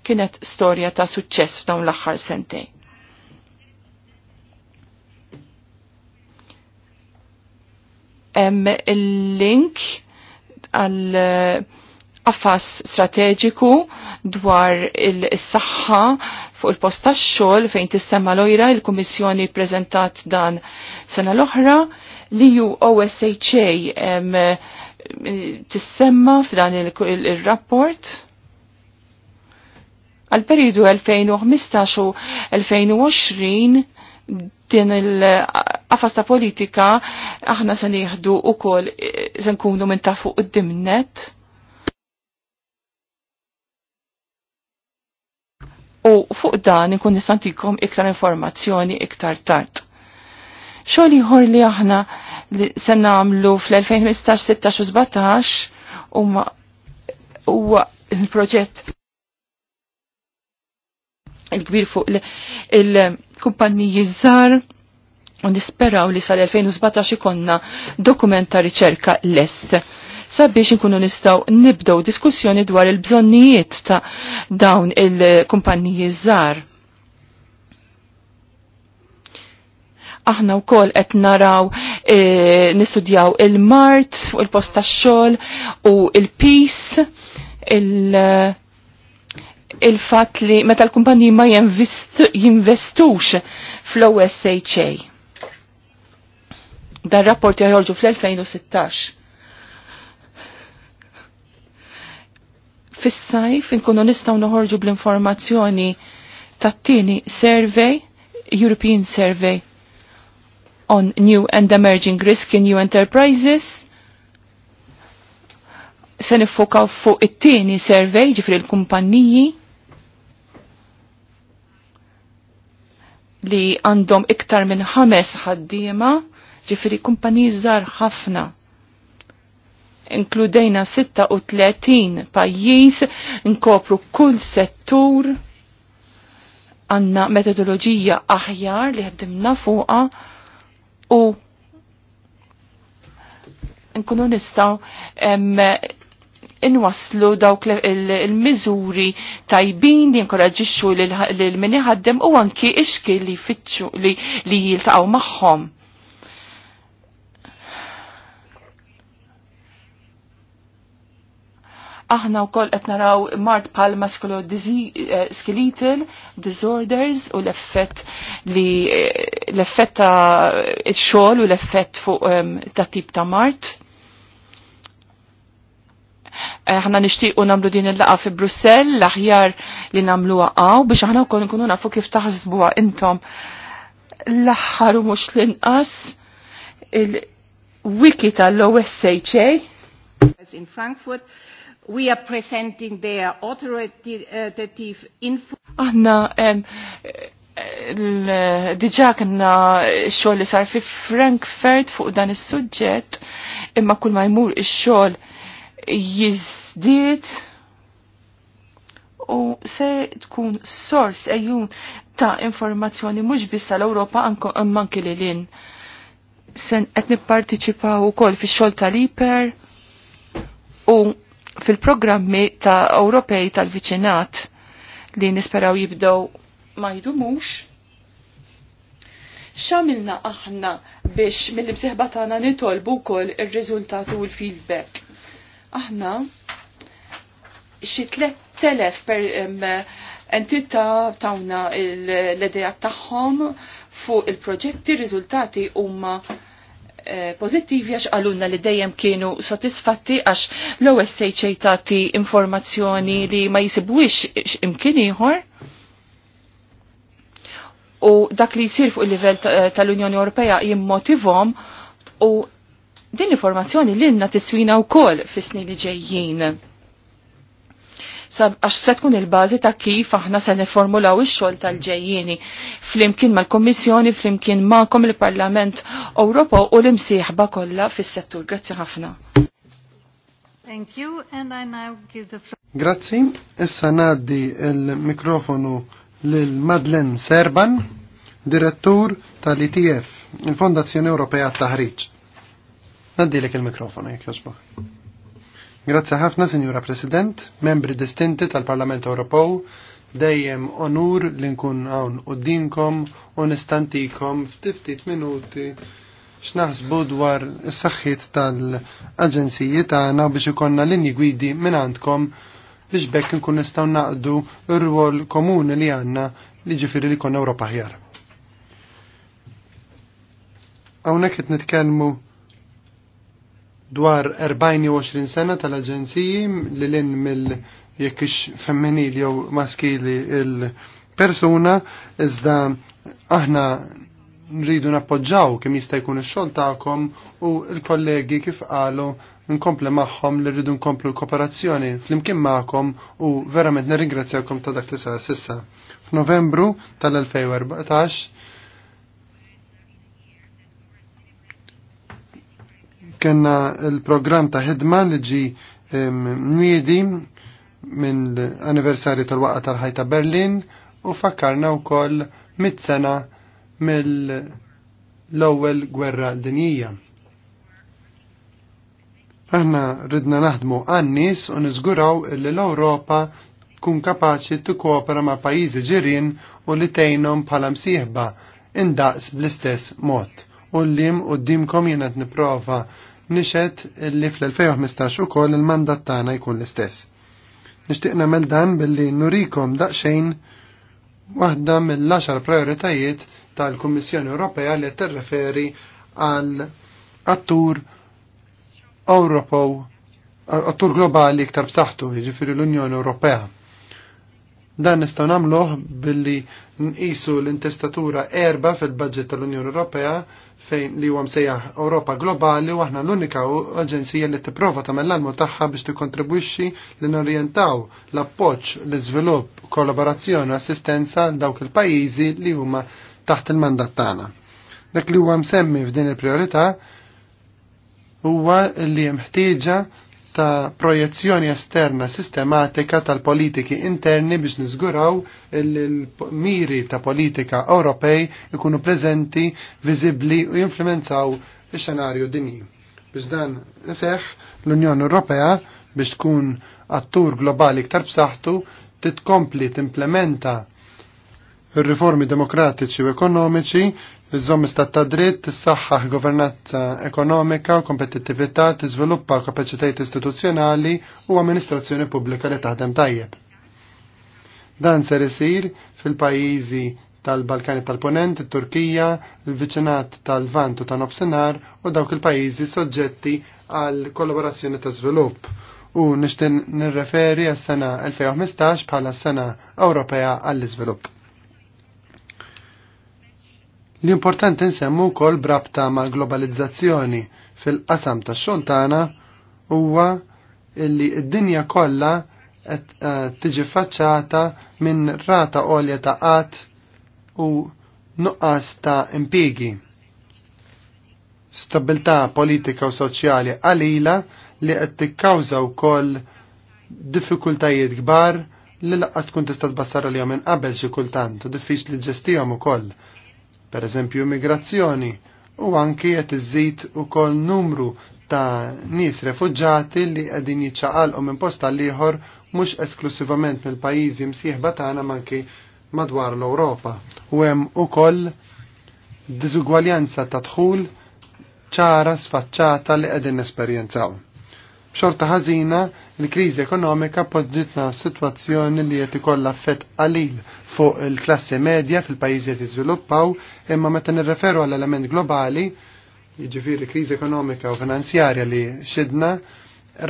kienet storja ta' suċċess f'dawn l-aħħar sentej. Hemm il-link għal eh, affas strateġiku dwar il-saħħa fuq il-post tax-xogħol fejn tissemma lojra il-Kummissjoni preżentat dan sena l-oħra li ju OSHA eh, tissemma f'dan il-rapport. Il għal periodu 2015-2020 din il-qafas ta' politika aħna se nieħdu wkoll se nkunu minn ta' fuq id-dimnet. U fuq dan inkun nistantikom iktar informazzjoni iktar tard. Xogħol ieħor li aħna li se nagħmlu fl-2015, 16 u 17 huma huwa il-proġett il-kbir fuq il-kumpanniji żar u nisperaw li sal-2017 ikonna dokumenta riċerka riċerka lest sabiex nkunu nistaw nibdow diskussjoni dwar il-bżonnijiet ta' dawn il-kumpanniji żgħar. aħna u koll et naraw e, nistudjaw il-mart, il posta xol u il-peace, il-, -peace, il peace il-fat li meta l-kumpanji ma jinvestux fl-OSHA. Dan rapport joħorġu fl-2016. Fis-sajf inkunu nistgħu noħorġu bl-informazzjoni tat-tieni survey, European Survey on New and Emerging Risk in New Enterprises, se nifokaw fuq it-tieni survey ġifri l-kumpanniji li għandhom iktar minn ħames ħaddiema, ġifiri kumpaniji żgħar ħafna. Inkludejna 36 pajjiż, nkopru kull settur, għanna metodoloġija aħjar li ħdimna fuqa u nkunu nistaw inwaslu dawk il-miżuri tajbin li li lil min ħaddem u anki iċki li fitxu li jiltaqgħu magħhom. aħna wkoll qed naraw mart pal muscular eh, skeletal disorders u l-effett li eh, l-effett ta' xogħol u l-effett fuq ehm, ta' tip ta' mart. Eh, ħana u namlu din il-laqa fi Brussel, l-aħjar li namlu għaw biex ħana konu kunu nafu kif taħsbuha intom l-aħħar u mhux l-inqas il-wiki tal-OSHA. In Frankfurt, we are presenting their authoritative info. Aħna diġa kanna xogħol li sar fi Frankfurt fuq dan is-suġġett imma kull ma jmur ix-xogħol jizdiet u se tkun sors ejjun ta' informazzjoni mhux biss l europa anki li lin. Sen qed nipparteċipaw ukoll fix-xogħol tal-Iper u fil-programmi ta' Ewropej tal-viċinat li nisperaw jibdew ma jdumux. X'għamilna aħna biex mill-imsieħba tagħna nitolbu wkoll ir riżultat u l-feedback Aħna xi telef per entità tawna l-idea tagħhom fuq il-proġetti riżultati huma eh, pozittivi għax għalunna li dejjem kienu sotisfatti għax l-OSHA tati informazzjoni li ma jisibwix imkien ieħor. U dak li jisir fuq il-livell tal-Unjoni Ewropea jimmotivom u din informazzjoni li inna tiswina u kol fissni li ġejjien. Għax se tkun il-bazi ta' kif aħna se niformulaw ix-xogħol tal-ġejjieni flimkien mal-Kommissjoni, flimkien ma'kom il-Parlament Ewropew u l-imsieħba kollha fis-settur. Grazzi ħafna. Thank you, and I now give the floor. Grazzi, issa ngħaddi il-mikrofonu lil Madlen Serban, direttur tal-ITF, il-Fondazzjoni Ewropea Taħriġ. Naddilek il-mikrofonu jek joġbok. Grazzi ħafna, Signora President, membri distinti tal-Parlament Ewropew, dejjem onur li nkun hawn dinkom u nistantikom f'tiftit minuti x'naħsbu dwar is-saħħit tal-aġenziji tagħna biex ikonna linji gwidi minn għandkom biex bekk nkun nistgħu naqdu r-rwol komuni li għandna li ġifieri li konna Ewropa ħjar. Hawnhekk qed nitkellmu dwar 24 sena tal-aġenziji li l-in mill jekkix femminil jew maskili il-persuna, iżda aħna nridu nappoġġaw kemm jista' jkun ix-xogħol tagħkom u l-kollegi kif qalu nkomplu magħhom li rridu nkomplu l-kooperazzjoni flimkien magħkom u verament nirringrazzjawkom ta' dak li sar sissa. F'Novembru tal-2014 kena il-programm ta' ħidma li ġi mniedi minn anniversarju tal-waqqa tal-ħajta Berlin u fakkarna wkoll mit-sena mill-ewwel gwerra dinjija. Aħna ridna naħdmu għannis u niżguraw li l-Ewropa tkun kapaċi tikkopera ma' pajjiżi ġirien u li tgħinhom bħala msieħba indaqs bl-istess mod. U l-lim u d-dimkom niprofa nixed li fl-2015 ukoll il-mandat tagħna jkun l-istess. Nixtieq nagħmel dan billi nurikom daqsxejn waħda mill-10 prioritajiet tal-Kummissjoni Ewropea li tirreferi għal attur Ewropew attur globali iktar b'saħħtu, jiġifieri l-Unjoni Ewropea. Dan nistgħu nagħmluh billi nqisu l-intestatura erba' fil-budget tal-Unjoni Ewropea fejn li huwa msejja Ewropa Globali u aħna l-unika aġenzija li tipprova tagħmel l-almu tagħha biex tikkontribwixxi li norjentaw l-appoġġ l-iżvilupp, kollaborazzjoni u assistenza dawk il-pajjiżi li huma taħt il-mandat tagħna. Dak li huwa msemmi f'din il-priorità huwa li hemm ħtieġa ta' projezzjoni esterna sistematika tal-politiki interni biex niżguraw il-miri ta' politika Ewropej ikunu preżenti, viżibbli u jinfluenzaw ix-xenarju dinji. Biex dan seħ l-Unjoni Ewropea biex tkun attur globali ktar b'saħħtu titkompli timplementa r riformi demokratiċi u ekonomiċi Bizzom istat ta' dritt, tissaħħaħ governanza ekonomika u kompetittività, tiżviluppa kapacitajt istituzzjonali u amministrazzjoni pubblika li taħdem tajjeb. Dan ser isir fil-pajjiżi tal-Balkani tal-Ponent, il-Turkija, il-Viċinat tal-Vant u Nofsenar nofsinhar u dawk il-pajjiżi soġġetti għal kollaborazzjoni ta' żvilupp u nixtin nirreferi għas-sena 2015 bħala s-sena Ewropea għall-iżvilupp. L-importanti nsemmu wkoll brabta mal-globalizzazzjoni fil-qasam tax-xogħol huwa illi d-dinja kollha eh, tiġi faċċata minn rata olja ta' qat u nuqqas ta' impigi. Stabilità politika u soċjali qalila li qed tikkawża wkoll diffikultajiet kbar li laqqas tkun tista' tbassar li minn qabel xi kultant u diffiċli ġestihom ukoll per eżempju immigrazzjoni, u anki qed iżid ukoll numru ta' nies refugġati li qegħdin jiċċaqalqu minn post għal ieħor mhux esklusivament mill-pajjiżi msieħba tagħna manki madwar l-Ewropa. U hemm ukoll diżugwaljanza ta' dħul ċara sfaċċata li qegħdin nesperjenzaw. B'xorta ħażina l-kriżi ekonomika podġitna situazzjoni li qed ikollha affett qalil fuq il-klassi medja fil-pajjiżi qed jiżviluppaw, imma meta nirreferu għall element globali, jiġifieri kriżi ekonomika u finanzjarja li xidna,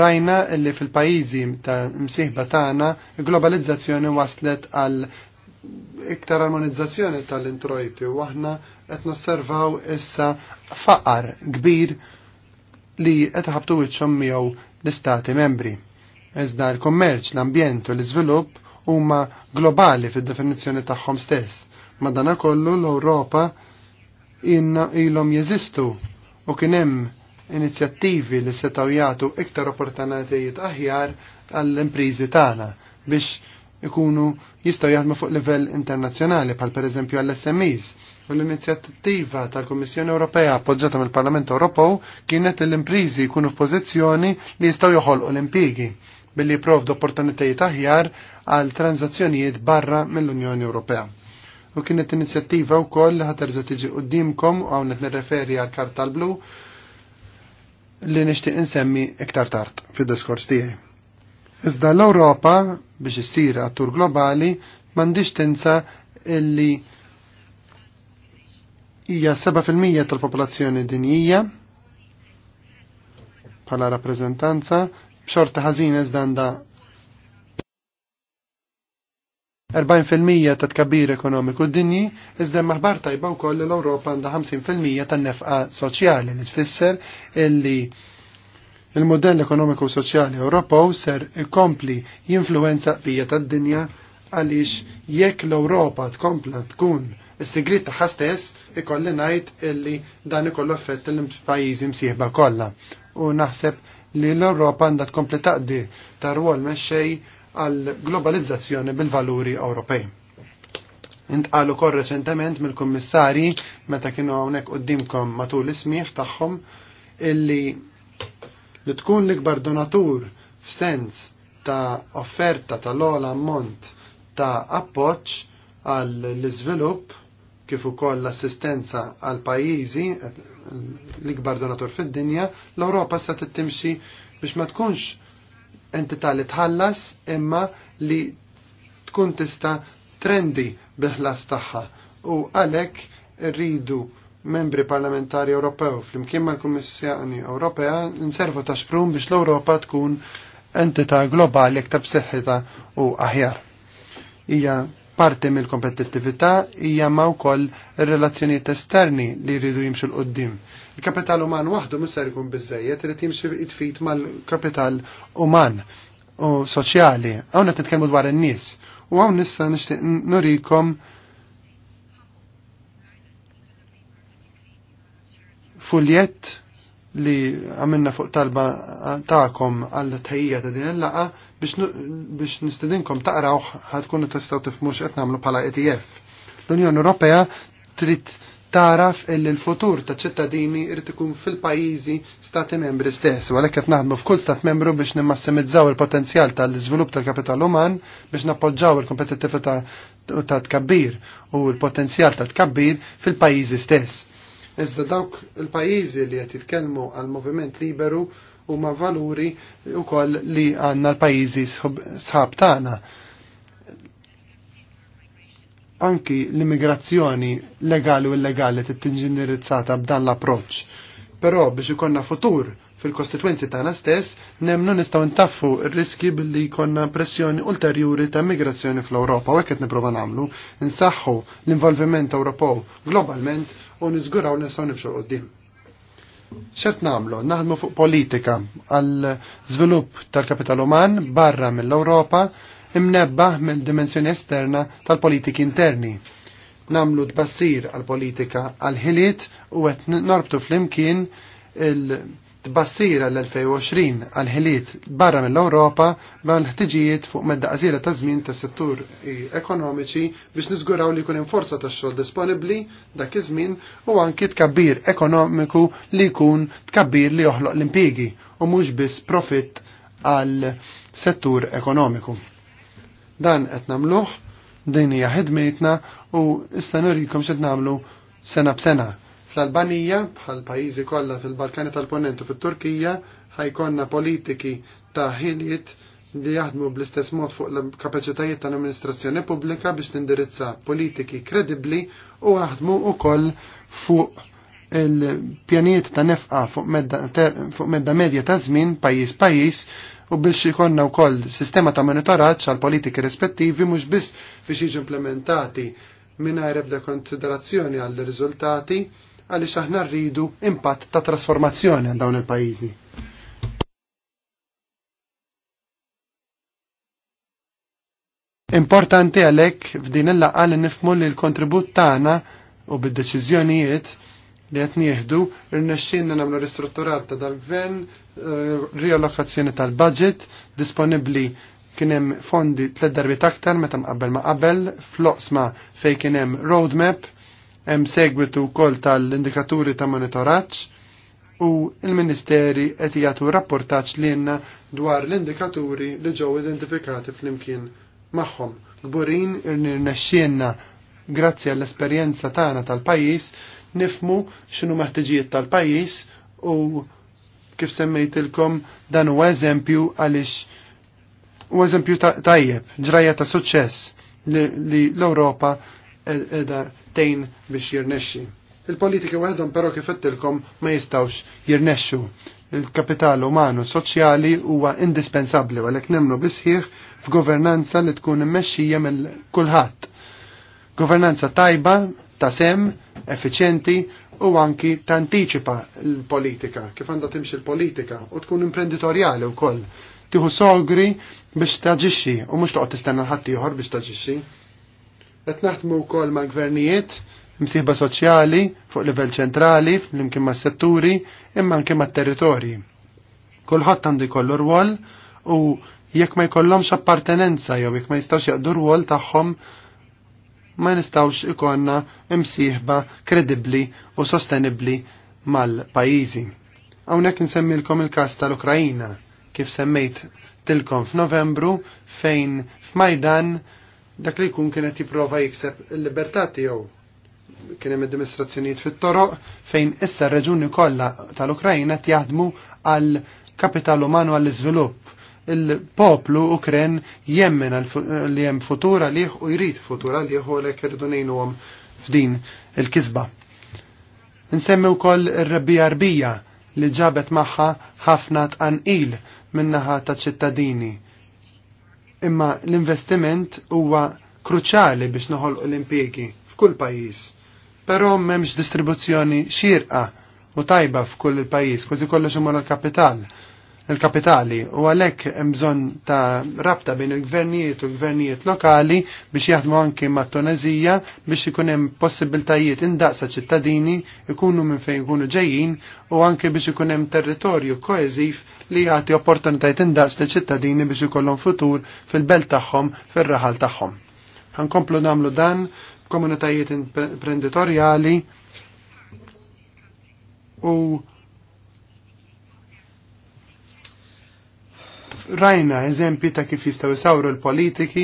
rajna li fil-pajjiżi ta' msieħba tagħna globalizzazzjoni waslet għal iktar armonizzazzjoni tal-introjti u aħna qed nosservaw issa faqar kbir li qed ħabtu wiċċhom miegħu l-istati membri. Iżda l-kommerċ, l-ambjent u l-iżvilupp huma globali fid-definizzjoni tagħhom stess. Madanakollu l-Ewropa ilhom jeżistu u kien hemm inizjattivi li setgħu jagħtu iktar opportunitajiet aħjar għall-imprizi tagħna biex ikunu jistgħu jaħdmu fuq livell internazzjonali bħal pereżempju għall-SMEs u l-inizjattiva tal-Kummissjoni Ewropea appoġġata mill-Parlament Ewropew kienet l-imprizi jkunu f'pożizzjoni li jistgħu joħolqu l-impjigi billi jipprovdu opportunitajiet aħjar għal tranzazzjonijiet barra mill-Unjoni Ewropea. U kienet inizjattiva wkoll li ħaterġa' tiġi qudiemkom u hawnet nirreferi għal karta blu li nixtieq insemmi iktar tard fid-diskors tiegħi. Iżda l-Ewropa biex issir attur globali m'għandix tinsa illi hija 7% tal-popolazzjoni dinjija bħala rappreżentanza b'xorta ħażin iżda għandha 40% ta' tkabbir ekonomiku dinji, iżda maħbar tajba wkoll l-Ewropa għandha 50% tan-nefqa soċjali li tfisser illi il-modell ekonomiku soċjali Ewropew ser ikompli jinfluenza bija tad-dinja għaliex jekk l-Ewropa tkompla tkun Is-sigrit tagħha stess ikolli ngħid illi dan ikollu effett l-pajjiżi msieħba kollha. U naħseb li l-Ewropa għandha tkompli taqdi ta' rwol mexxej għall globalizzazzjoni bil-valuri Ewropej. Intqalu kor reċentement mill-kummissari meta kienu hawnhekk qudiemkom matul is-smieħ tagħhom illi li tkun l-ikbar donatur f'sens ta' offerta tal-ola ammont ta' appoċ għall iżvilupp kif ukoll l-assistenza għal pajjiżi l-ikbar donatur fid-dinja, l-Ewropa se tittimxi biex ma tkunx entità li tħallas imma li tkun tista' trendi biħlas tagħha. U għalhekk rridu membri parlamentari Ewropew flimkien mal-Kummissjoni Ewropea nservu ta' xprum biex l-Ewropa tkun entità globali aktar b'seħħitha u aħjar. Ija Parti mill-kompetittività hija ma wkoll ir-relazzjonijiet esterni li jridu jimxu l qoddim Il-kapital uman waħdu mhux ser jkun biżejjed irid jimxi jitfit mal-kapital uman u soċjali. Hawn qed nitkellmu dwar in-nies. U hawn issa nixtieq nurikom fuljett li għamilna fuq talba ta'kom għall tajja ta' din il-laqa biex nistedinkom taqraw ħatkunu tistgħu tifmux qed nagħmlu bħala ETF. L-Unjoni Ewropea trid taraf illi l-futur ta' ċittadini irrid ikun fil-pajjiżi stati membri stess, u għalhekk qed naħdmu f'kull stat membru biex nimmassimizzaw il-potenzjal tal-iżvilupp tal-kapital uman biex nappoġġaw il-kompetittività ta' tkabbir u l-potenzjal ta' tkabbir fil-pajjiżi stess. Iżda dawk il-pajjiżi li qed jitkellmu għal moviment liberu ma valuri wkoll li għandna l-pajjiżi sħab tagħna. Anki l-immigrazzjoni legali u illegali t-tinġinirizzata b'dan l-approċċ. Però biex ikonna futur fil-kostituenzi tagħna stess, nemnu nistgħu ntaffu r-riski billi jkollna pressjoni ulterjuri ta' migrazzjoni fl-Ewropa u għeket qed nipprova nagħmlu, insaħħu l-involviment Ewropew globalment u niżguraw nistgħu nibxu qudiem ċert namlu, naħdmu fuq politika għal żvilupp tal-kapital uman barra mill-Ewropa imnebba mill-dimensjoni esterna tal-politiki interni. Namlu tbassir għal politika għal ħiliet u għet norbtu fl-imkien il- tbassira l-2020 għal ħiliet barra mill-Ewropa għal l-ħtiġijiet fuq medda għazira ta' żmien tas-settur ekonomiċi biex niżguraw li jkun hemm forza tax-xogħol disponibbli dak iż-żmien u anki tkabbir ekonomiku li jkun tkabbir li joħloq l-impjiegi u mhux biss profitt għal settur ekonomiku. Dan qed nagħmluh din hija ħidmietna u issa nurikom x'qed nagħmlu sena b'sena Fl-Albanija, bħal pajjiżi kollha fil-Balkani tal ponentu u fit-Turkija, ħajkonna politiki ta' ħiliet li jaħdmu bl-istess mod fuq l-kapaċitajiet tal-amministrazzjoni pubblika biex tindirizza politiki kredibbli u jaħdmu wkoll fuq il pjanijiet ta' nefqa fuq medda, medja ta' żmien pajjiż pajjiż u biex ikonna wkoll sistema ta' monitoraġġ għal politiki rispettivi mhux biss biex jiġu implementati mingħajr ebda konsiderazzjoni għall riżultati għaliex aħna rridu impatt ta' trasformazzjoni għal dawn il-pajjiżi. Importanti għalhekk f'din il-laqgħa li nifmu li l-kontribut tagħna u bid-deċiżjonijiet li qed nieħdu rnexxinna nagħmlu ristrutturat ta' dal-gvern, riallokazzjoni tal-budget, disponibbli kien hemm fondi tliet darbiet aktar meta mqabbel ma' qabel, floqsma fejn kien hemm roadmap hemm segwitu wkoll tal-indikaturi ta' monitoraġġ u il-Ministeri qed jagħtu rapportaġġ lilna dwar l-indikaturi li ġew identifikati flimkien magħhom. Gburin irnirnexxielna grazzi għall-esperjenza tagħna tal-pajjiż nifmu x'inhu maħtiġijiet tal-pajjiż u kif semmejtilkom dan huwa eżempju għaliex u eżempju tajjeb, ġrajja ta' suċċess li l-Ewropa e-, edha tejn biex jirnexxi. Il-politika waħedhom però kif qedtilkom ma jistawx jirnexxu. Il-kapital umanu soċjali huwa indispensabbli għalhekk nemnu bisħiħ f'governanza li tkun immexxija mill kulħadd. Governanza tajba, ta' sem, effiċenti u anki tanticipa l-politika, kif għandha timxi l-politika u tkun imprenditorjali wkoll. Tieħu sogri biex taġixxi u mhux toqgħod tistenna l-ħadd ieħor biex taġixxi. Qed naħdmu wkoll mal-gvernijiet, imsieħba soċjali fuq livell ċentrali, flimkien mas-setturi, imma anke mat-territorji. Kulħadd għandu jkollu rwol u jekk ma jkollhomx appartenenza jew jekk ma jistgħux jaqdu rwol tagħhom ma nistgħux ikonna imsieħba kredibbli u sostenibbli mal-pajjiżi. Hawnhekk insemmilkom il-każ tal ukraina kif semmejt tilkom f'Novembru fejn f'Majdan dak li jkun kienet jipprova jikseb il-libertà tiegħu. Kien hemm id-dimistrazzjonijiet fit-toroq fejn issa r-reġuni kollha tal-Ukrajna jaħdmu għal kapital umanu għall iżvilupp il-poplu ukren jemmen li hemm futura liħ u jrid futura liħ u lek irridu ngħinuhom f'din il kisba Nsemmi wkoll ir rebbija rbija arbija li ġabet magħha ħafna tqanqil minnaħa ta' ċittadini imma l-investiment huwa kruċali biex noħolqu l f'kull pajjiż. Però m'hemmx distribuzzjoni xirqa u tajba f'kull il-pajjiż, kważi kollox imur l-kapital il-kapitali u għalhekk hemm bżonn ta' rabta bejn il-gvernijiet u l-gvernijiet lokali biex jaħdmu anke mat-Tonezija biex ikun hemm possibiltajiet indaqsa ċittadini ikunu minn fejn ikunu ġejjin u anke biex ikun hemm territorju koeżiv li jagħti opportunitajiet indaqs li ċittadini biex ikollhom futur fil-belt tagħhom, fir-raħal tagħhom. Ħankomplu nagħmlu dan komunitajiet imprenditorjali u rajna eżempi ta' kif jistgħu jisawru l-politiki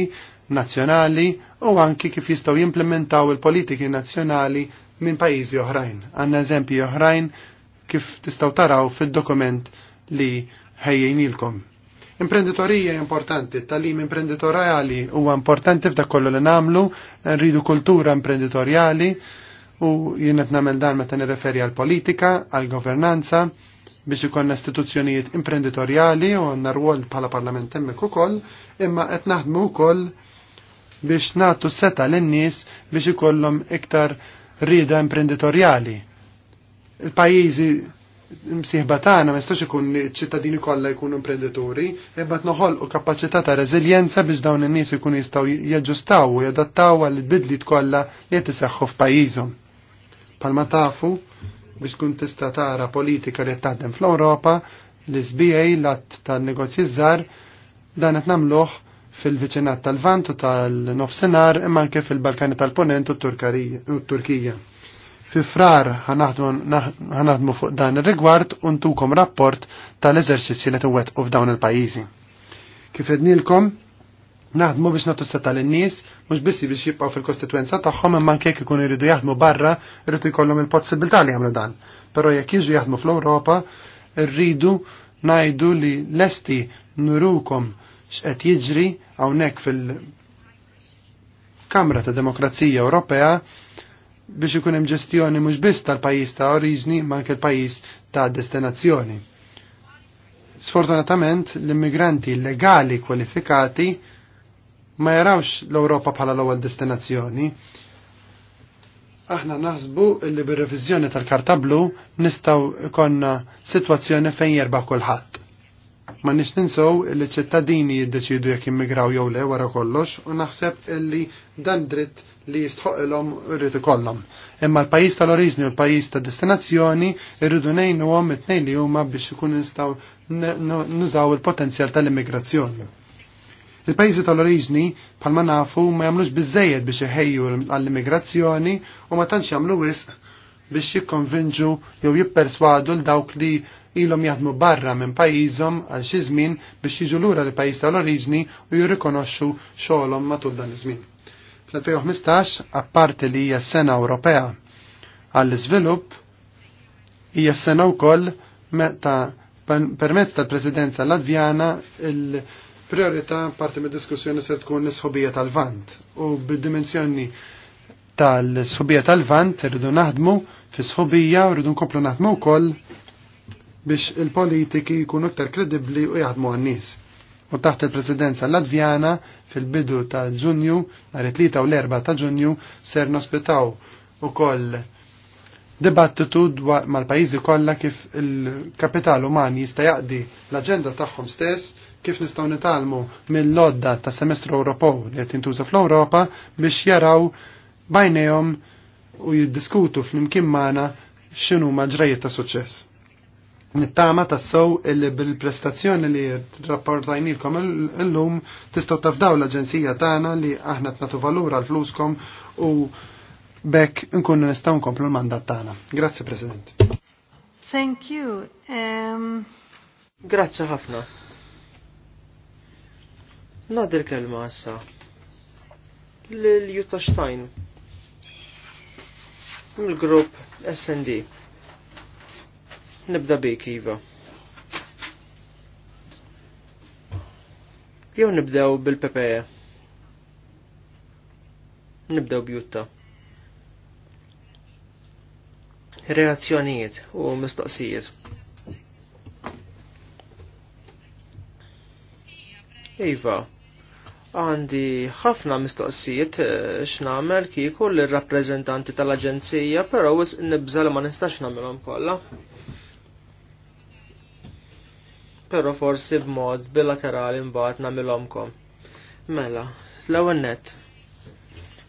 nazzjonali u anki kif jistgħu jimplementaw il-politiki nazzjonali minn pajjiżi oħrajn. Għandna eżempi oħrajn kif tistgħu taraw fid-dokument li ħejjinilkom. Imprenditorija importanti, tal imprenditorjali imprenditoriali huwa importanti f'dak kollu li nagħmlu, rridu kultura imprenditorjali u jien qed nagħmel dan meta nirreferi għal politika, għal governanza, biex ikonna istituzzjonijiet imprenditorjali u għanna rwol bħala parlament emmek u koll, imma qed naħdmu u koll biex natu seta l-nies biex ikollhom iktar rida imprenditorjali. Il-pajizi msiħba tagħna ma jistax ikun ċittadini kollha jkunu imprenditori, imma noħolqu kapaċità ta' reżiljenza biex dawn in-nies ikunu jistgħu jaġġustaw u jadattaw għall bidliet kollha li qed iseħħu f'pajjiżhom. Palma tafu, biex tkun tista' tara politika li taħdem fl-Ewropa li l lat tal negozji żgħar dan qed nagħmluh fil-viċinat tal-Vant u tal-Nofsenar imma anke fil-Balkani tal-Ponent u t-Turkija. Fi frar ħanaħdmu fuq dan ir-rigward untukom rapport tal-eżerċizzi li tuwet u f'dawn il-pajjiżi. Kif ednilkom, naħdmu biex natu seta l-nies, mux bissi biex jibqaw fil-kostituenza taħħom imman kek ikun iridu jaħdmu barra, irridu jkollhom il-possibilità li jagħmlu dan. Però jekk jiġu jaħdmu fl-Ewropa, rridu najdu li lesti nurukom x'qed jiġri hawnhekk fil-Kamra ta' Demokrazija Ewropea biex ikun hemm ġestjoni mhux biss tal-pajjiż ta' oriġni ma anke l-pajjiż ta' destinazzjoni. Sfortunatament l-immigranti legali kwalifikati ma jarawx l-Ewropa bħala l-ewwel destinazzjoni. Aħna naħsbu li bir-reviżjoni tal-Karta Blu nistgħu konna sitwazzjoni fejn jerbaħ kulħadd. Ma nix ninsow li ċittadini jiddeċidu jekk immigraw jew le wara kollox u naħseb illi dan dritt li jistħoq ilhom irrid ikollhom. Imma l-pajjiż tal-oriġni u l-pajjiż ta' destinazzjoni irridu ngħinuhom it-tnejn li huma biex ikun nistgħu nużaw il-potenzjal tal-immigrazzjoni il pajzi tal-oriġni bħalma nafu ma jagħmlux bizzejed biex iħejju għall-immigrazzjoni u ma tantx jagħmlu wisq biex jikkonvinġu jew jipperswadu l dawk li ilhom jaħdmu barra minn pajjiżhom għal xi żmien biex jiġu lura li pajjiż tal-oriġni u jirrikonoxxu xogħolhom matul dan iż-żmien. Fl-2015, apparti li hija sena Ewropea għall-iżvilupp, hija sena wkoll meta permezz tal-Presidenza Latvjana il- Priorità parti mid diskussjoni se tkun nisħobija tal-vant u bid-dimensjoni tal-sħobija tal-vant rridu naħdmu fi sħobija u rridu nkomplu naħdmu wkoll biex il-politiki jkunu aktar kredibbli u jaħdmu għan-nies u taħt il-presidenza latvjana fil-bidu ta' ġunju, nhar it-tlieta u l-erba ta' ġunju, ser nospitaw ukoll dibattitu mal-pajjiżi kollha kif il-kapital umani jista' jaqdi l-aġenda tagħhom stess kif nistgħu nitalmu mill-lodda ta' semestru Ewropew li qed jintuża fl-Ewropa biex jaraw bajnejhom u jiddiskutu flimkien magħna x'inhu ma ta' suċċess. Nittama tas-sew illi bil-prestazzjoni li rapportajnilkom illum tistgħu tafdaw l-Aġenzija tagħna li aħna tnatu valur għal fluskom u bekk nkunu nistgħu nkomplu l-mandat tagħna. Grazzi President. Thank you. Um... Grazzi ħafna. Nadir kelma issa. L-Jutta Stein. Mill-grupp SD. Nibda bik, Iva. Jew nibdew bil-PPE. Nibdew bjutta. Reazzjonijiet u mistoqsijiet. Iva, għandi ħafna mistoqsijiet eh, x'namel kieku l rappreżentanti tal-Aġenzija, però wis nibżal ma nistax nagħmelhom kollha. Però forsi b'mod bilaterali mbagħad nagħmilhomkom. Mela, l-ewwel net.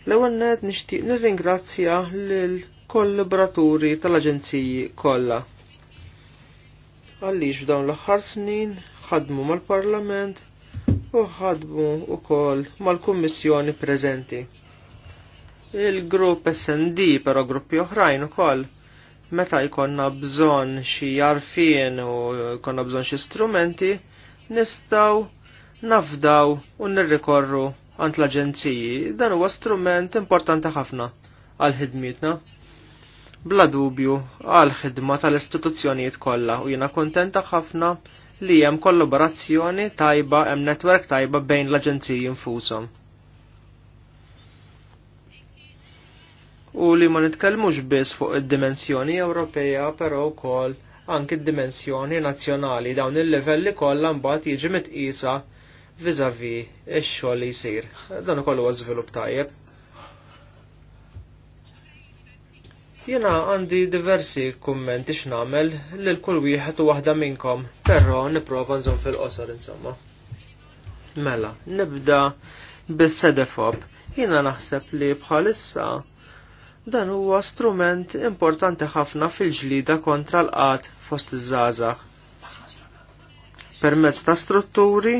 L-ewwel nett nixtieq nirringrazzja lil kollaboraturi tal-aġenziji kollha. Għaliex f'dawn l-aħħar snin ħadmu mal-Parlament u ħadmu wkoll mal-kummissjoni prezenti. Il-grupp SND però gruppi oħrajn ukoll meta jkollna bżonn xi jarfien u jkollna bżonn xi strumenti nistgħu nafdaw u nirrikorru għand l-aġenziji. Dan huwa strument importanti ħafna għal ħidmietna. Bla dubju għal ħidma tal-istituzzjonijiet kollha u jiena kuntenta ħafna li hemm kollaborazzjoni tajba hemm netwerk tajba bejn l-aġenziji infushom. U li ma nitkellmux biss fuq id-dimensjoni Ewropea però wkoll anki d-dimensjoni nazzjonali dawn il-livelli kollha mbagħad jiġi mitqisa viżavi ix-xogħol li jsir. Dan ukoll huwa żvilupp tajjeb. Jena għandi diversi kummenti x'namel li l kull wieħed u waħda minnkom, però nipprova nżomm fil-qosor insomma. Mela, nibda bis-sedefob. Jena naħseb li bħalissa dan huwa strument importanti ħafna fil-ġlida kontra l-qat fost iż-żgħażagħ. Permezz ta' strutturi,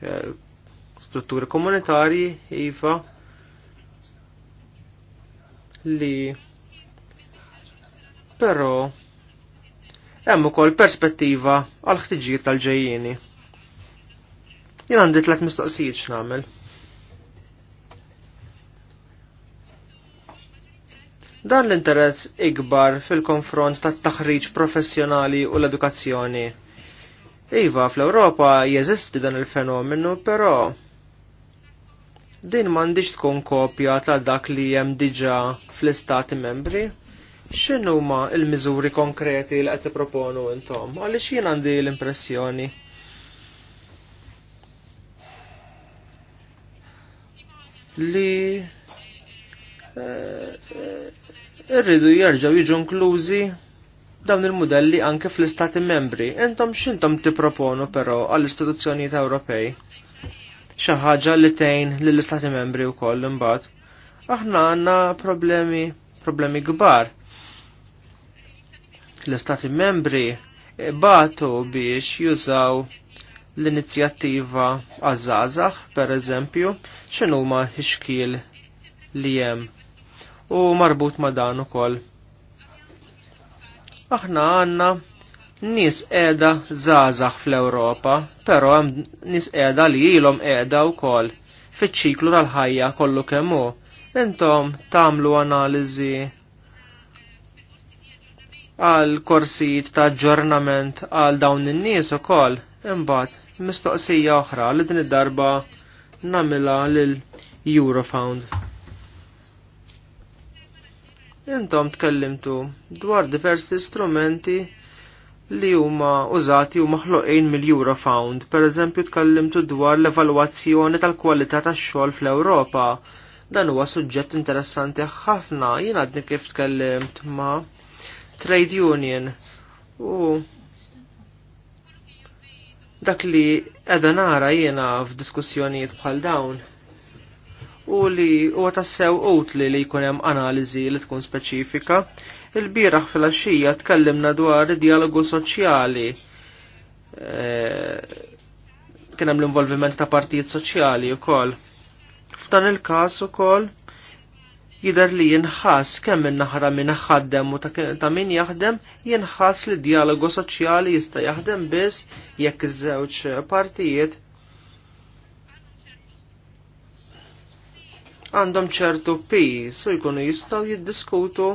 eh, strutturi komunitarji, iva, li però hemm ukoll perspettiva għal ħtiġijiet tal-ġejjieni. Jien għandi tliet mistoqsijiet x'nagħmel. Dan l-interess ikbar fil-konfront tat-taħriġ professjonali u l-edukazzjoni. Iva, fl-Ewropa jeżisti dan il-fenomenu, però din m'għandix tkun kopja ta' dak li hemm diġà fl-istati membri xinu ma il-mizuri konkreti li għet proponu intom? Għalli xin għandi l-impressjoni? Li eh, eh, irridu jarġaw jiġu inklużi dawn il-modelli anke fl-istati membri. Intom xintom tipproponu però għall-istituzzjonijiet Ewropej? Xi ħaġa li tgħin lill-istati membri wkoll imbagħad. Aħna għandna problemi problemi kbar l-Istati membri batu biex jużaw l-inizjattiva għazzazax, per eżempju, x'inhuma xkil li hemm u marbut ma dan ukoll. Aħna għandna nis qiegħda zazax fl-Ewropa, però għam nis qiegħda li ilhom qiegħda wkoll fiċ-ċiklu tal-ħajja kollu kemm hu. Intom tagħmlu analiżi għal korsijiet ta' ġornament għal dawn in-nies ukoll imbagħad mistoqsija oħra li din id-darba nagħmilha lil Eurofound. Intom tkellimtu dwar diversi strumenti li huma użati u maħloqin mill-Eurofound, per eżempju tkellimtu dwar l-evalwazzjoni tal-kwalità tax-xogħol fl-Ewropa. Dan huwa suġġett interessanti ħafna, jien għadni kif tkellimt ma' trade union u dak li edha nara jiena f'diskussjonijiet bħal dawn u li u tassew utli li jkun hemm analiżi li tkun speċifika. il biraħ fil axija tkellimna dwar dialogu soċjali. kienem eh, kien hemm l-involviment ta' partijiet soċjali wkoll. F'dan il-każ ukoll jidher li jinħas kemm in-naħra minn ħaddem u ta' min jaħdem jinħas li dialogu soċjali jista' jaħdem biss jekk iż-żewġ partijiet għandhom ċertu pis u jkunu jistgħu jiddiskutu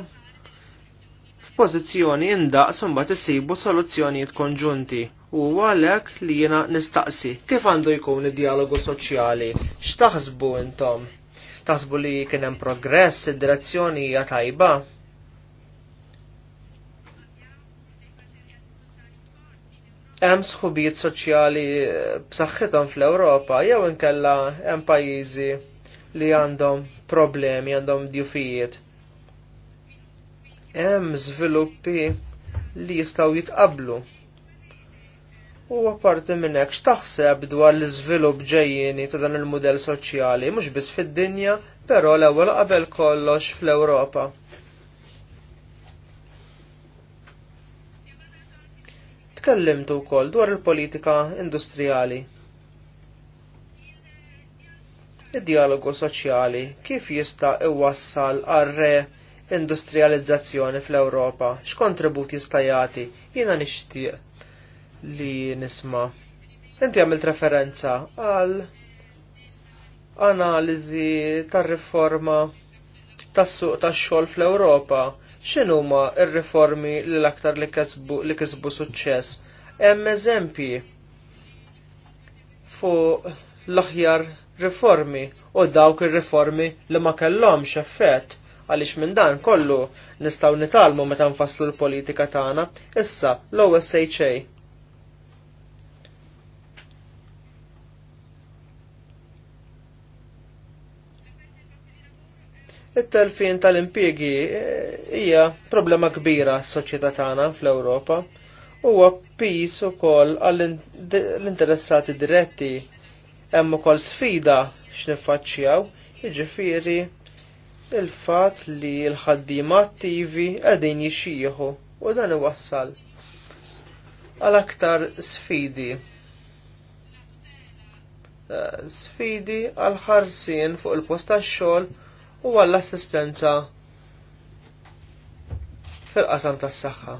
f'pożizzjoni indaqs mbagħad isibu soluzzjonijiet konġunti u għalhekk li jiena nistaqsi kif għandu jkun id-dialogu soċjali x'taħsbu intom? Tasbu li kien hemm progress, id-direzzjoni hija tajba. Hemm sħubijiet soċjali b'saħħithom fl-Ewropa jew inkella hemm pajjiżi li għandhom problemi, għandhom djufijiet. Hemm żviluppi li jistgħu jitqablu U għaparti minn hekk x'taħseb dwar l-iżvilupp ġejjini ta' dan il-mudell soċjali mhux biss fid-dinja, però l-ewwel qabel kollox fl-Ewropa. Tkellimtu wkoll dwar il-politika industrijali. Id-dialogu soċjali kif jista' iwassal għar-re industrializzazzjoni fl-Ewropa, x'kontribut jista' jagħti, jiena nixtieq li nisma. Inti għamilt referenza għal analiżi tar-riforma tas-suq tax-xogħol fl-Ewropa. X'inhuma r-riformi li l-aktar li kisbu suċċess? Hemm eżempji fuq l-aħjar riformi u dawk ir-riformi li ma kellhomx effett għaliex minn dan kollu nistgħu nitalmu meta nfasslu l-politika tagħna issa l-OSHA it-telfin tal impiegi eh, hija problema kbira s-soċjetà tagħna fl-Ewropa. Huwa pis ukoll għall-interessati diretti hemm ukoll sfida x'niffaċċjaw, jiġifieri il-fatt li l ħaddim attivi qegħdin jixxieħu u dan iwassal għal aktar sfidi. Eh, sfidi għal ħarsien fuq il-post tax-xogħol u għall-assistenza fil-qasam tas-saħħa.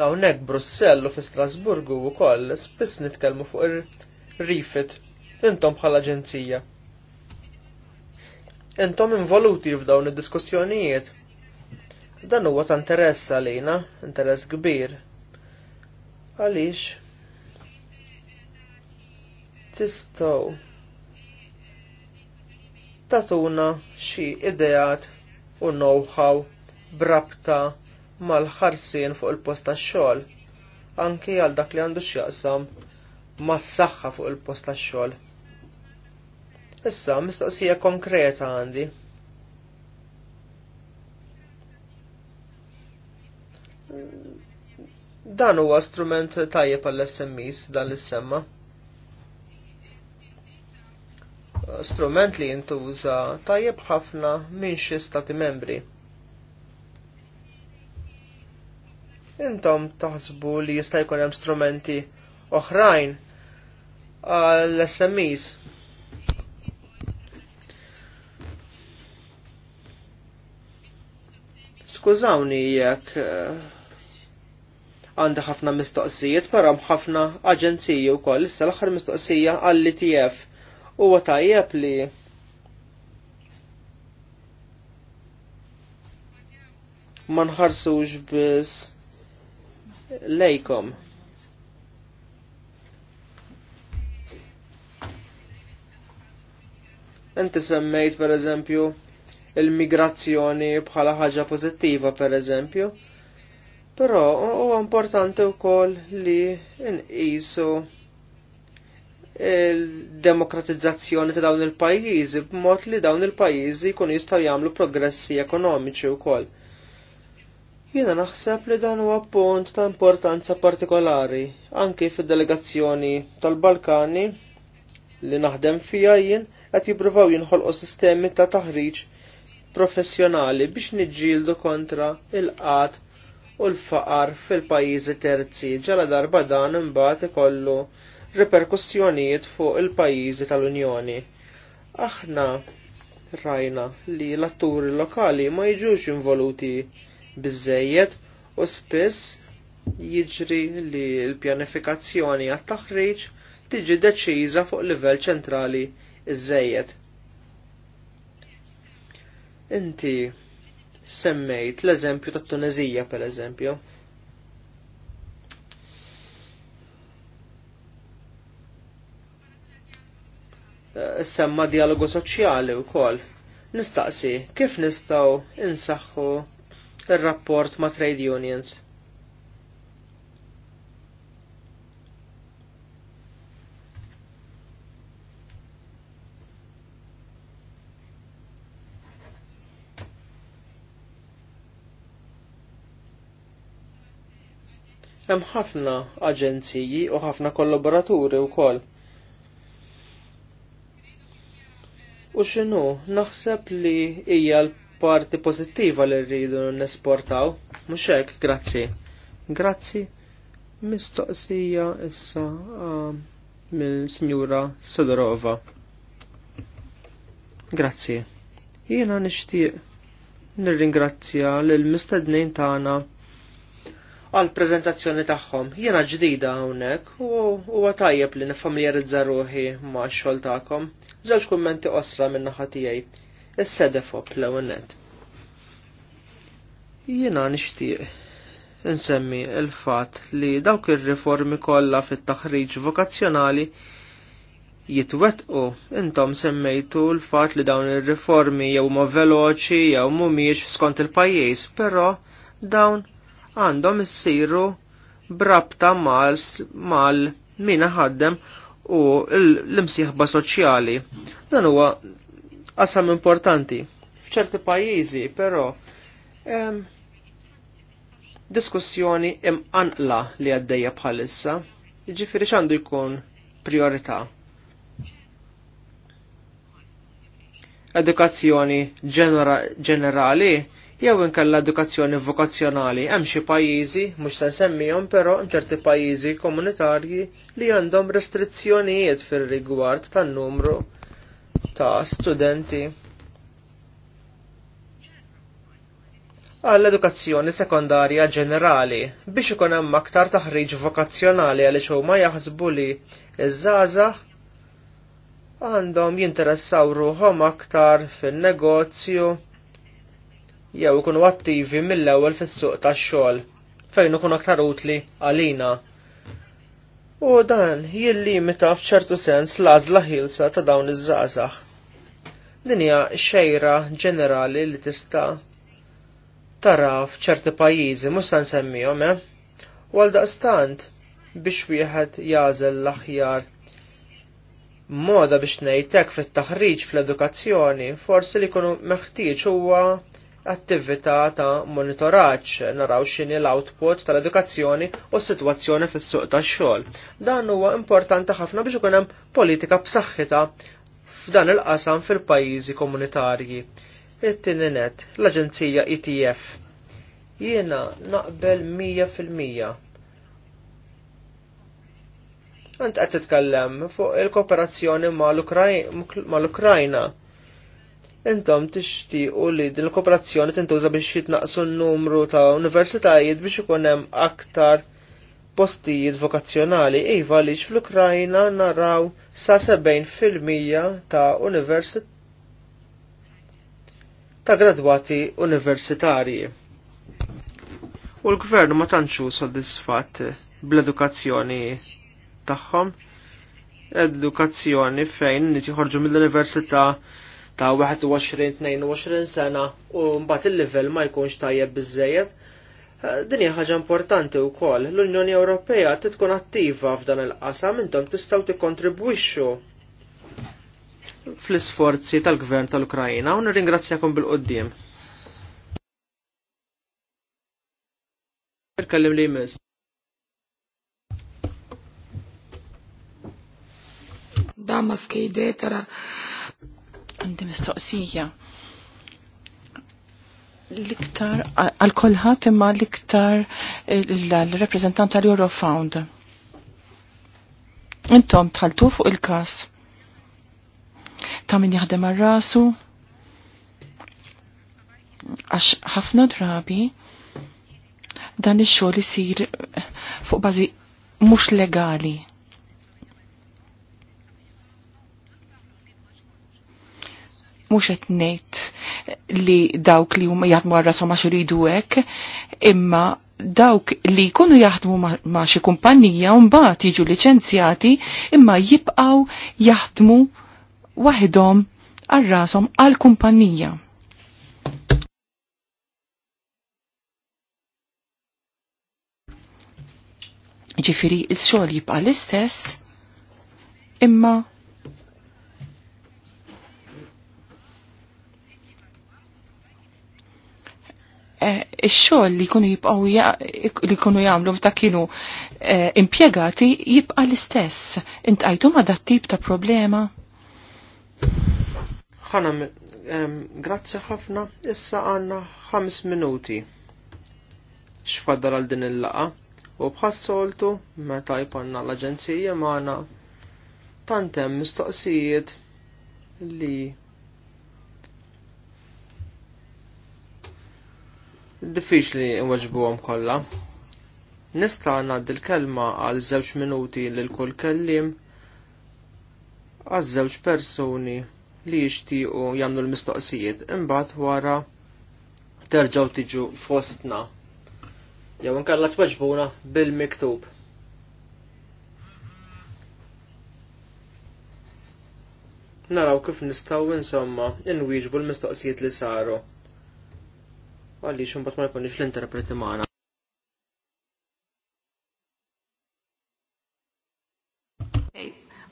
Hawnhekk Brussell u fi Strasburgu wkoll spiss nitkellmu fuq ir-rifit intom bħal-aġenzija. Intom involuti f'dawn id-diskussjonijiet. Dan huwa ta' interess għalina, interess kbir. Għaliex? Tistgħu tatuna xi ideat u know-how brabta mal-ħarsien fuq il-post tax-xogħol, anki għal dak li għandu x'jaqsam mas-saħħa fuq il-post tax-xogħol. Issa mistoqsija konkreta għandi. Dan huwa strument tajjeb għall-SMEs dan is semma strument li jintuża tajjeb ħafna minn xi stati membri. Intom taħsbu li jista' jkun hemm strumenti oħrajn għall SMEs. Skużawni jekk eh, għandha ħafna mistoqsijiet, però ħafna aġenziji wkoll, issa l-aħħar mistoqsija għall-ITF huwa tajjeb li ma nħarsux biss lejkom. Inti semmejt per eżempju il-migrazzjoni bħala ħaġa pożittiva per eżempju, però huwa importanti wkoll li nqisu demokratizzazzjoni ta' dawn il-pajjiżi b'mod li dawn il-pajjiżi jkunu jistgħu jagħmlu progressi ekonomiċi wkoll. Jiena naħseb li dan huwa punt ta' importanza partikolari anke fid-delegazzjoni tal-Balkani li naħdem fija jien qed jippruvaw jinħolqu sistemi ta' taħriġ professjonali biex niġġieldu kontra il-qat u l-faqar fil-pajjiżi terzi ġala darba dan imbagħad ikollu reperkussjonijiet fuq il-pajjiżi tal-Unjoni. Aħna rajna li l-atturi lokali ma jiġux involuti biżejjed u spiss jiġri li l-pjanifikazzjoni għat-taħriġ tiġi deċiża fuq livell ċentrali iżejjed. Inti semmejt l-eżempju tat Tunezija per eżempju. semma dialogu soċjali wkoll. Nistaqsi kif nistgħu insaħħu ir-rapport ma' trade unions. hemm ħafna aġenziji u ħafna kollaboraturi wkoll. U x'inhu naħseb li hija l-parti pożittiva li rridu nesportaw, mhux hekk, grazzi. Grazzi mistoqsija issa um, mill-Sinjura Sodorova. Grazzi. Jiena nixtieq nirringrazzja lill mistednin tagħna għal prezentazzjoni tagħhom. Jiena ġdida hawnhekk u huwa tajjeb li nifamiljarizza ruħi ma' xogħol tagħkom. Żewġ kummenti qosra minn naħa tiegħi. Is-sedefop l-ewwel Jiena nixtieq insemmi il-fat li dawk ir-riformi kollha fit-taħriġ vokazzjonali jitwetqu intom semmejtu l-fat li dawn ir-riformi jew ma veloċi jew mhumiex skont il-pajjiż, però dawn għandhom issiru brabta mal, mal mina ħaddem u l-imsieħba soċjali. Dan huwa qasam importanti. F'ċerti pajjiżi, però, em, diskussjoni imqanqla li għaddejja bħalissa, ġifiri xandu jkun priorità. Edukazzjoni ġenerali jew inkella edukazzjoni vokazzjonali. Hemm xi pajjiżi, mhux se nsemmihom però hemm ċerti pajjiżi komunitarji li għandhom restrizzjonijiet fir-rigward tan-numru ta' studenti. għall-edukazzjoni sekondarja ġenerali biex ikun hemm aktar taħriġ vokazzjonali għaliex huma jaħsbu li iż-żgħażagħ għandhom jinteressaw ruħhom aktar fin-negozju jew ikunu attivi mill-ewwel fis-suq tax-xogħol fejn ikunu aktar utli għalina. U dan jillimita f'ċertu sens l-għażla ħilsa ta' dawn iż-żgħażagħ. Din hija xejra ġenerali li tista' tara f'ċerti pajjiżi mhux se nsemmihom hemm. Eh? U għal daqstant biex wieħed jażel l-aħjar moda biex ngħidlek fit-taħriġ fl-edukazzjoni forsi li jkunu meħtieġ huwa attività ta' monitoraġġ naraw x'inhi l-output tal-edukazzjoni u s-sitwazzjoni fis-suq tax-xogħol. Dan huwa importanti ħafna biex ikun hemm politika b'saħħitha f'dan il-qasam fil-pajjiżi komunitarji. It-tieni net, l-Aġenzija ETF. Jiena naqbel 100%. Ant qed titkellem fuq il-kooperazzjoni mal-Ukrajna intom tixtiequ li din l-kooperazzjoni tintuża biex jitnaqsu n-numru ta' universitajiet biex ikun hemm aktar postijiet vokazzjonali iva li fl-Ukrajna naraw sa 70% ta' universit ta' gradwati universitarji. U l-gvernu ma tantxu soddisfatt bl-edukazzjoni tagħhom, edukazzjoni fejn nies mill-università ta' 21-22 sena u mbagħad il-livell ma jkunx tajjeb biżejjed. Eh, din hija ħaġa importanti wkoll. L-Unjoni Ewropea titkun attiva f'dan il-qasam intom tistgħu tikkontribwixxu fl-isforzi tal-gvern tal-Ukrajina u nirringrazzjakom bil-qoddim. Kellim li jmiss. Damaske idetara għandi mistoqsija. L-iktar, għal kolħat imma l-iktar l-reprezentant tal-Eurofound. Intom tħaltu fuq il-kas. Ta' min jaħdem għal-rasu. Għax ħafna drabi dan ix-xogħol isir fuq bażi mhux legali mhux qed ngħid li dawk li huma jaħdmu għal rashom għax iridu hekk, imma dawk li jkunu jaħdmu ma' xi kumpanija un mbagħad jiġu liċenzjati imma jibqgħu jaħdmu waħedhom għarrasom rashom għal kumpanija. Ġifiri, il xol jibqa' l-istess imma ix-xogħol li jkunu jibqgħu li jkunu jagħmlu ta' kienu impiegati eh, impjegati jibqa' l-istess. Intqajtu ma' dat tip ta' problema? Ħanam, grazzi ħafna, issa għandna ħames minuti. Xfadda għal din il-laqa u bħassoltu meta jpanna l-aġenzija magħna tantem mistoqsijiet li diffiċli għom kollha. Nista' ngħaddi l-kelma għal żewġ minuti lil kull kelliem għal żewġ persuni li jixtiequ jagħmlu l-mistoqsijiet imbagħad wara terġgħu tiġu fostna. Jew t-waġbuna bil-miktub. Naraw kif nistgħu insomma inwieġbu l-mistoqsijiet li saru għaliex imbagħad ma jkunx l-interpreti magħna.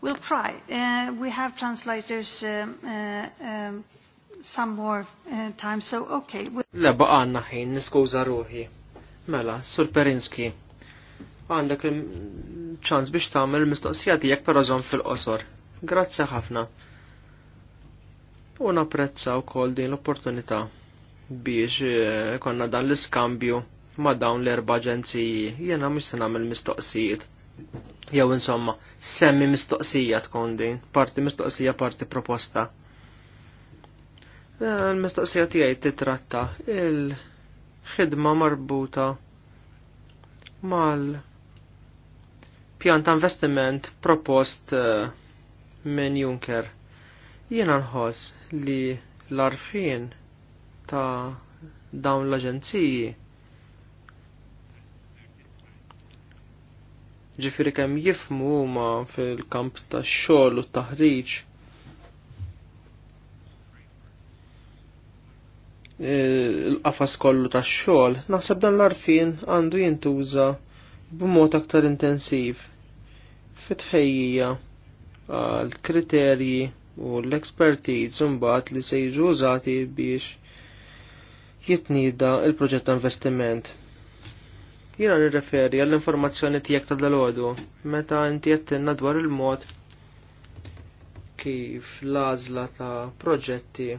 We'll try. Uh, we have translators uh, uh, um, uh, some more uh, time, so okay. Leba għanna ħin, niskuża ruħi. Mela, Sur Perinski, għandek ċans biex tagħmel mistoqsija tiegħek per żomm fil-qosor. Grazzi ħafna. U napprezza wkoll din l-opportunità biex eh, konna dan l-iskambju ma dawn l-erba ġenziji. Jena mux se namil mistoqsijiet. Jew insomma, semmi mistoqsija tkun din, parti mistoqsija, parti proposta. Eh, l-mistoqsija tiegħi titratta il-ħidma marbuta mal pjan ta' investiment propost eh, minn Juncker. Jiena nħoss li l-arfin ta' dawn l-aġenziji. Ġifiri kemm jifmu huma fil-kamp tax-xogħol u t-taħriġ. Il-qafas kollu tax-xogħol, naħseb dan l-arfin għandu jintuża b'mod aktar intensiv fit-tħejjija għal kriterji u l-expertiz mbagħad li se jiġu użati biex jitnida il-proġett ta' investiment. Jina nirreferi għall-informazzjoni tijek ta' dal-ħodu, meta inti jettinna dwar il-mod kif l ta' proġetti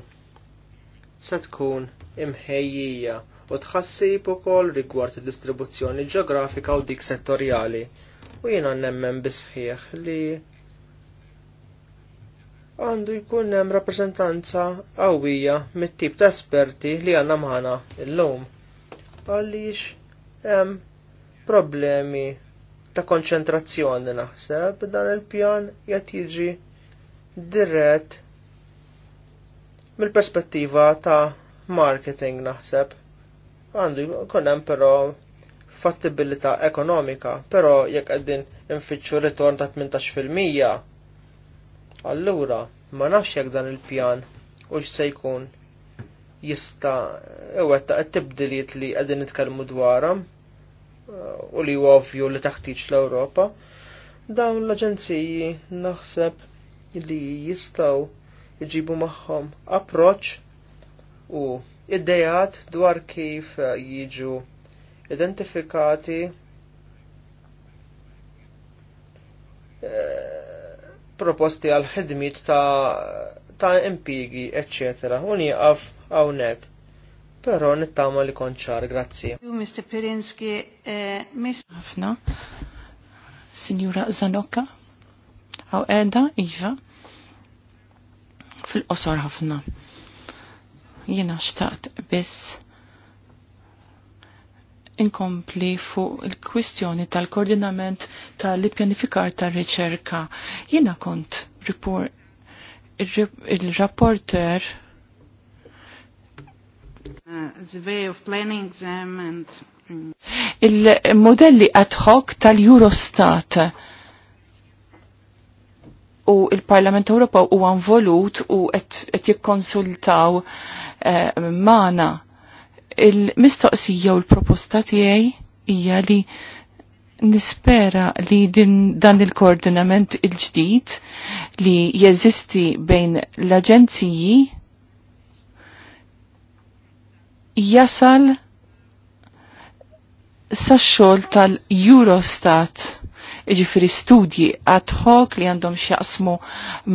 se tkun imħejjija u tħassib ukoll rigward id-distribuzzjoni ġeografika u dik settorjali. U jiena nemmen bisħieħ li għandu jkun hemm rappreżentanza qawwija mit-tip ta' esperti li għandna magħna llum. Għaliex hemm problemi ta' konċentrazzjoni naħseb dan il-pjan qed jiġi dirett mill-perspettiva ta' marketing naħseb. Għandu jkun hemm però fattibilità ekonomika, però jekk qegħdin infittxu ritorn ta' 18 Allura, ma nafx jekk dan il-pjan u se jkun jista ewetta qed tibdiliet li qegħdin nitkellmu dwarhom uh, u li ovvju li taħtiġ l-Ewropa, dawn l-aġenziji naħseb li jistaw jġibu magħhom approċċ u idejat dwar kif jiġu identifikati eh, proposti għal ħidmit ta', ta impigi, etc. U nieqaf hawnhekk. Però nittama li konċar, grazzi. Mr. Pirinski, eh, miss Afna, Signora Zanokka, għaw edha, Iva, fil-qosor ħafna. Jena xtaqt biss inkompli fuq il-kwistjoni tal-koordinament tal-ippjanifikar tal-riċerka. Jina kont il-rapporter uh, the way of planning them and mm. il-modelli ad hoc tal-Eurostat u il-Parlament Ewropew huwa involut u qed jikkonsultaw eh, mana il-mistoqsija u l-proposta tiegħi hija li nispera li din dan il-koordinament il-ġdid li jeżisti bejn l-aġenziji jasal sax-xogħol tal-Eurostat ġifiri studji ad hoc li għandhom xjaqsmu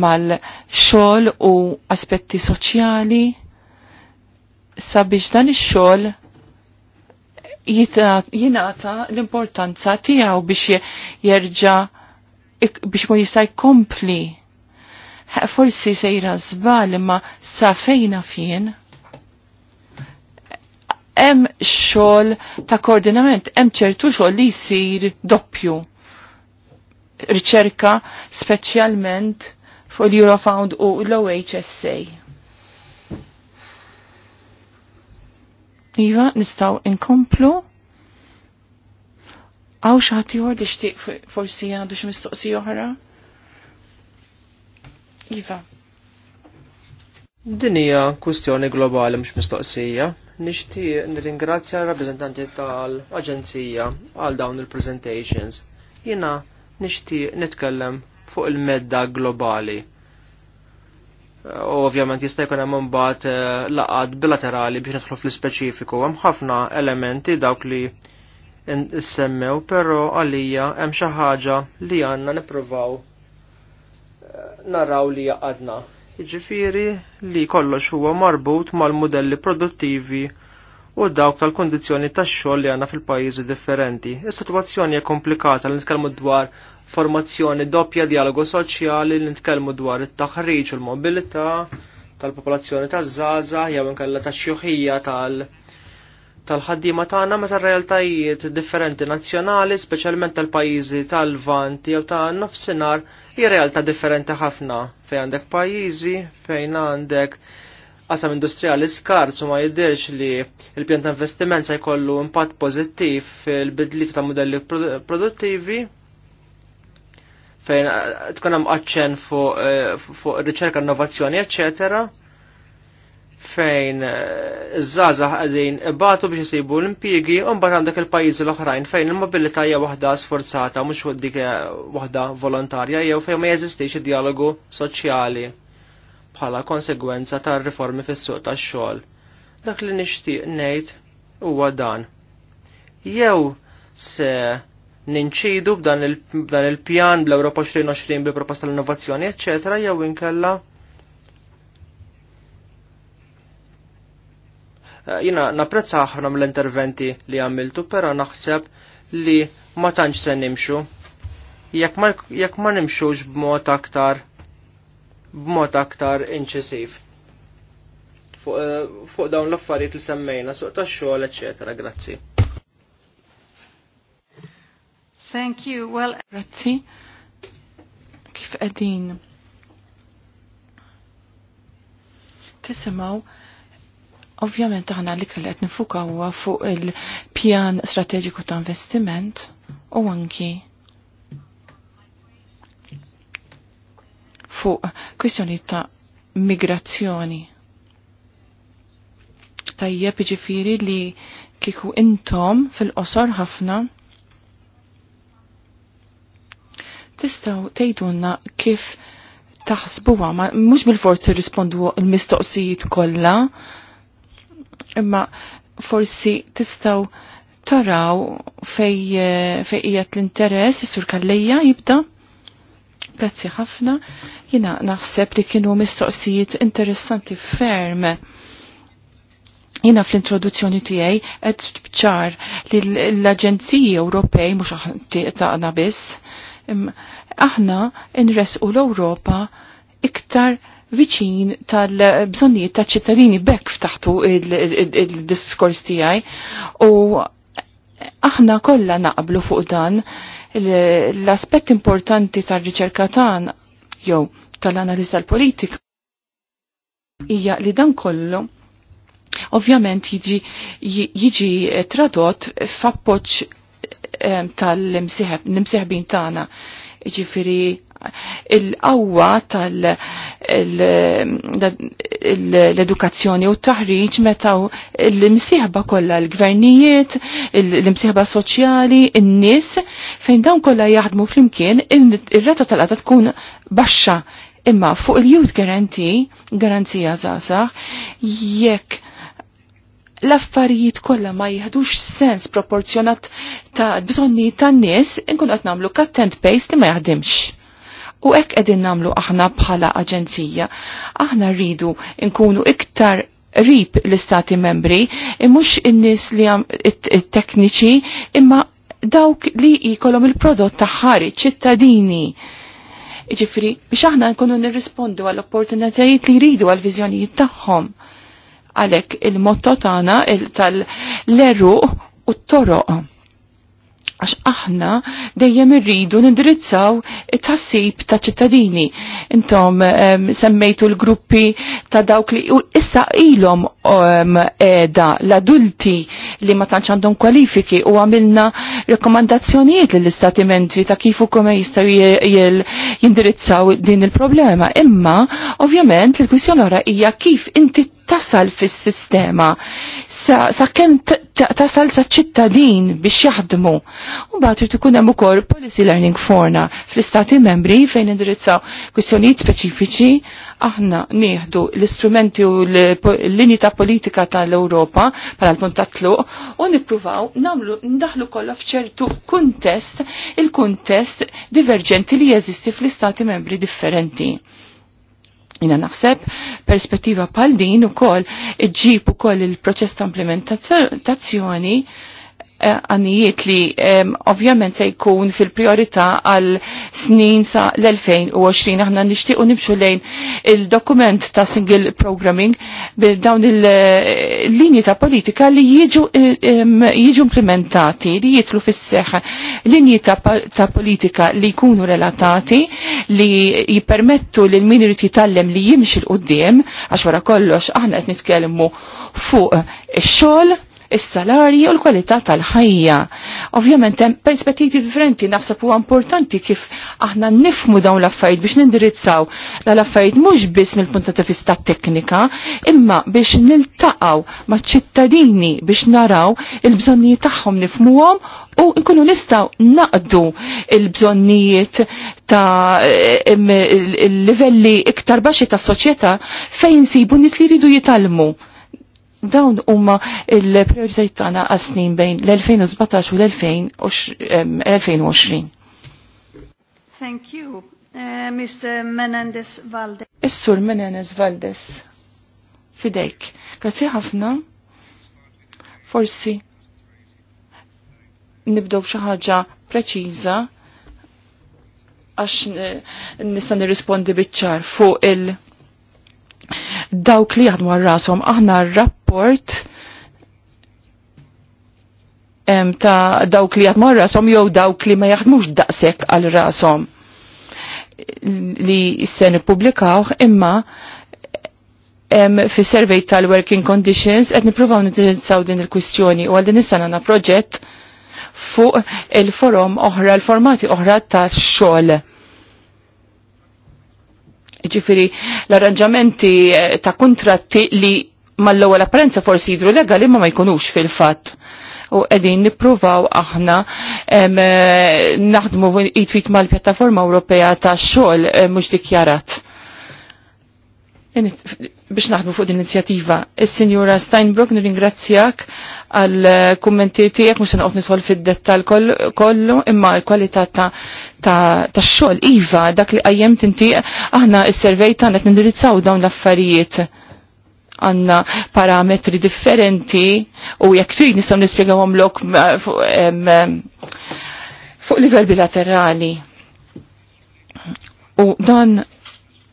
mal-xogħol u aspetti soċjali sabiex dan ix-xogħol jingħata l-importanza tiegħu biex jerġa' biex ma jista' jkompli. Forsi sejra żbal imma sa fejna fien hemm xogħol ta' koordinament, hemm ċertu xogħol li jsir doppju. Riċerka speċjalment fuq l-Eurofound u l-OHSA. Iva, nistaw inkomplu. Għaw xaħti għor li xtiq forsi għandu xmistoqsi oħra? Iva. Din hija kwistjoni globali m'x mistoqsija. Nixtieq nirringrazzja r-rappreżentanti tal-Aġenzija għal dawn il-presentations. Jina nixtieq nitkellem fuq il-medda globali Ovvjament jista' jkun hemm imbagħad eh, laqad bilaterali biex nidħlu fl-ispeċifiku hemm ħafna elementi dawk li semmew, però għalija hemm xi ħaġa li għandna nippruvaw eh, naraw li jaqadna. Jiġifieri li kollox huwa marbut mal-modelli produttivi u dawk tal-kondizzjoni tax-xogħol li għandna fil-pajjiżi differenti. Is-sitwazzjoni hija komplikata li nitkellmu dwar formazzjoni doppja dialogu soċjali li nitkellmu dwar it-taħriġ u l-mobilità tal-popolazzjoni ta' Zaza, jew inkella ta' xjuħija tal- tal-ħaddiema tagħna meta realtajiet differenti nazzjonali, speċjalment tal-pajjiżi tal-vant jew ta' nofsinhar hija realtà differenti ħafna fejn għandek pajjiżi fejn għandek qasam industrijali skarz u ma jidhirx li l-pjan ta' investiment se jkollu impatt pożittiv fil-bidliet ta' modelli produttivi fejn eh, tkun hemm aċċen fuq eh, riċerka innovazzjoni, eċetera, fejn eh, iż-żgħażagħ qegħdin ibatu biex isibu l-impjiegi u mbagħad għandek il-pajjiżi l-oħrajn fejn il-mobilità hija waħda sforzata mhux dik waħda volontarja jew fejn ma jeżistix id-dialogu soċjali bħala konsegwenza tar-riformi fis-suq tax-xogħol. Dak li nixtieq ngħid huwa dan. Jew se ninċidu b'dan il-pjan il pjan bl europa 2020 bi proposta l-innovazzjoni, etc. jew inkella eh, jina napprezza ħafna mill-interventi li għamiltu, pero naħseb li ma tantx se nimxu. Jekk ma, jek ma nimxux b'mod aktar b'mod aktar inċisiv. Fuq, eh, dawn l-affarijiet li semmejna, suq tax-xogħol, eċetera, grazzi. Thank you. Well, grazzi. Kif qegħdin tisimgħu Ovvjament aħna li kelli qed nifuka fuq il-pjan strateġiku ta' investiment u anki fuq kwistjoni ta' migrazzjoni. Tajjeb ġifiri li kiku intom fil-qosor ħafna tistaw tgħidulna kif taħsbuha, ma mhux bil-forsi rispondu l-mistoqsijiet kollha, imma forsi tistaw taraw fej qiegħed l-interess, is-sur jibda. Grazzi ħafna. Jina naħseb li kienu mistoqsijiet interessanti ferm. Jina fl-introduzzjoni tiegħi qed b'ċar li l-Aġenziji Ewropej mhux taqna biss aħna nresqu l-Ewropa iktar viċin tal-bżonnijiet ta' ċittadini bekk ftaħtu il-diskors tiegħi u aħna kollha naqblu fuq dan l-aspett importanti tar-riċerka tan jew tal-analiż tal-politika hija li dan kollu ovvjament jiġi tradot f'appoġġ Eh, tal imsiħbin tagħna. Ġifiri, il-qawwa tal-edukazzjoni u t-taħriġ meta l-imsieħba kollha l-gvernijiet, l-imsieħba soċjali, in-nies fejn dawn kollha jaħdmu flimkien ir-rata tal-qata tkun baxxa imma fuq il-youth guarantee, garanzija zazax, jekk l-affarijiet kollha ma jihdux sens proporzjonat ta' bżonni tan nies inkun qed nagħmlu kattent paste li ma jaħdimx. U hekk qegħdin nagħmlu aħna bħala aġenzija. Aħna rridu nkunu iktar rib l-istati membri, e mhux in-nies li it-tekniċi, imma dawk li jikolom il-prodott taħħari ċittadini Iġifri, biex aħna nkunu nirrispondu għall opportunitajiet li jridu għal viżjonijiet tagħhom. Għalek il-motto tana il tal-leru u t-toroq. Għax aħna dejjem irridu nindirizzaw it-tassib ta' ċittadini. Intom um, semmejtu l-gruppi ta' dawk li u issa ilhom um, edha l-adulti li ma tantx għandhom kwalifiki u għamilna rekomandazzjonijiet lill-istati membri ta' kif kome jistgħu jindirizzaw din il-problema. Imma ovvjament il kwissjon ora hija kif inti tasal fis-sistema sa kem tasal sa ċittadin biex jaħdmu. U bat irid ikun hemm ukoll policy learning forna fl-istati membri fejn indirizzaw kwistjonijiet speċifiċi aħna nieħdu l-istrumenti u l-linji ta' politika tal-Ewropa bħala l-punt ta' tluq u nippruvaw nagħmlu ndaħlu kollha f'ċertu kuntest il-kuntest diverġenti li jeżisti fl-istati membri differenti Jina naħseb perspettiva pal din u koll ġib u koll il-proċess ta' implementazzjoni għanijiet li ovvjament se jkun fil-priorità għal snin sa l-2020 aħna nixtiequ nimxu lejn il-dokument ta' single programming b'dawn dawn il-linji eh, ta' politika li jiġu implementati li jitlu fis-seħ linji ta' politika li jkunu relatati li jipermettu lil min irid jitgħallem li jimxi l-qudiem għax wara kollox aħna qed nitkellmu fuq ix-xogħol is-salarji u l-kwalità tal-ħajja. Ovvjament hemm perspettivi differenti naħseb huwa importanti kif aħna nifmu dawn l-affarijiet biex nindirizzaw l affarijiet mhux biss mill punta ta' vista teknika, imma biex niltaqgħu maċ-ċittadini biex naraw il-bżonnijiet tagħhom nifmuhom u nkunu nistaw naqdu il-bżonnijiet ta' il-livelli iktar baxi ta' soċjetà fejn sibu nis li jridu jitalmu dawn huma il prioritajt tagħna għasnin snin bejn l-2017 u l-2020. Thank you, uh, Mr. Menendez Valdez. Is-Sur Menendez Valdez, Fidejk. Grazzi ħafna. Forsi nibdow xi ħaġa preċiża għax eh, nista' nirrispondi biċ-ċar fuq il- dawk li jaħdmu għal rasom aħna rapport ta' dawk li jaħdmu għal rasom jew dawk li ma jaħdmux daqshekk għal rasom li s-sen publikaw imma fi survey tal-working conditions qed nippruvaw nindirizzaw din il-kwistjoni u għal din is-sena proġett fuq il-forum oħra, il formati oħra ta' xogħol Ġifiri, l-arranġamenti eh, ta' kontratti li mal-ewwel apparenza forsi jidru legali ma ma jkunux fil-fatt. U qegħdin nippruvaw aħna eh, naħdmu jitwit mal-pjattaforma Ewropea ta' xogħol eh, mhux dikjarat biex naħdmu fuq din inizjattiva. Is-Sinjura Steinbrook nirringrazzjak għal eh, kummenti tiegħek mhux se noqgħod nidħol fid-dettall kollu imma l-kwalità ta' tax-xogħol iva dak li qajjem tinti aħna s-servej tagħna qed nindirizzaw dawn l-affarijiet għanna parametri differenti u jekk trid nistgħu nispjegawhom lok eh, fuq livell bilaterali. U dan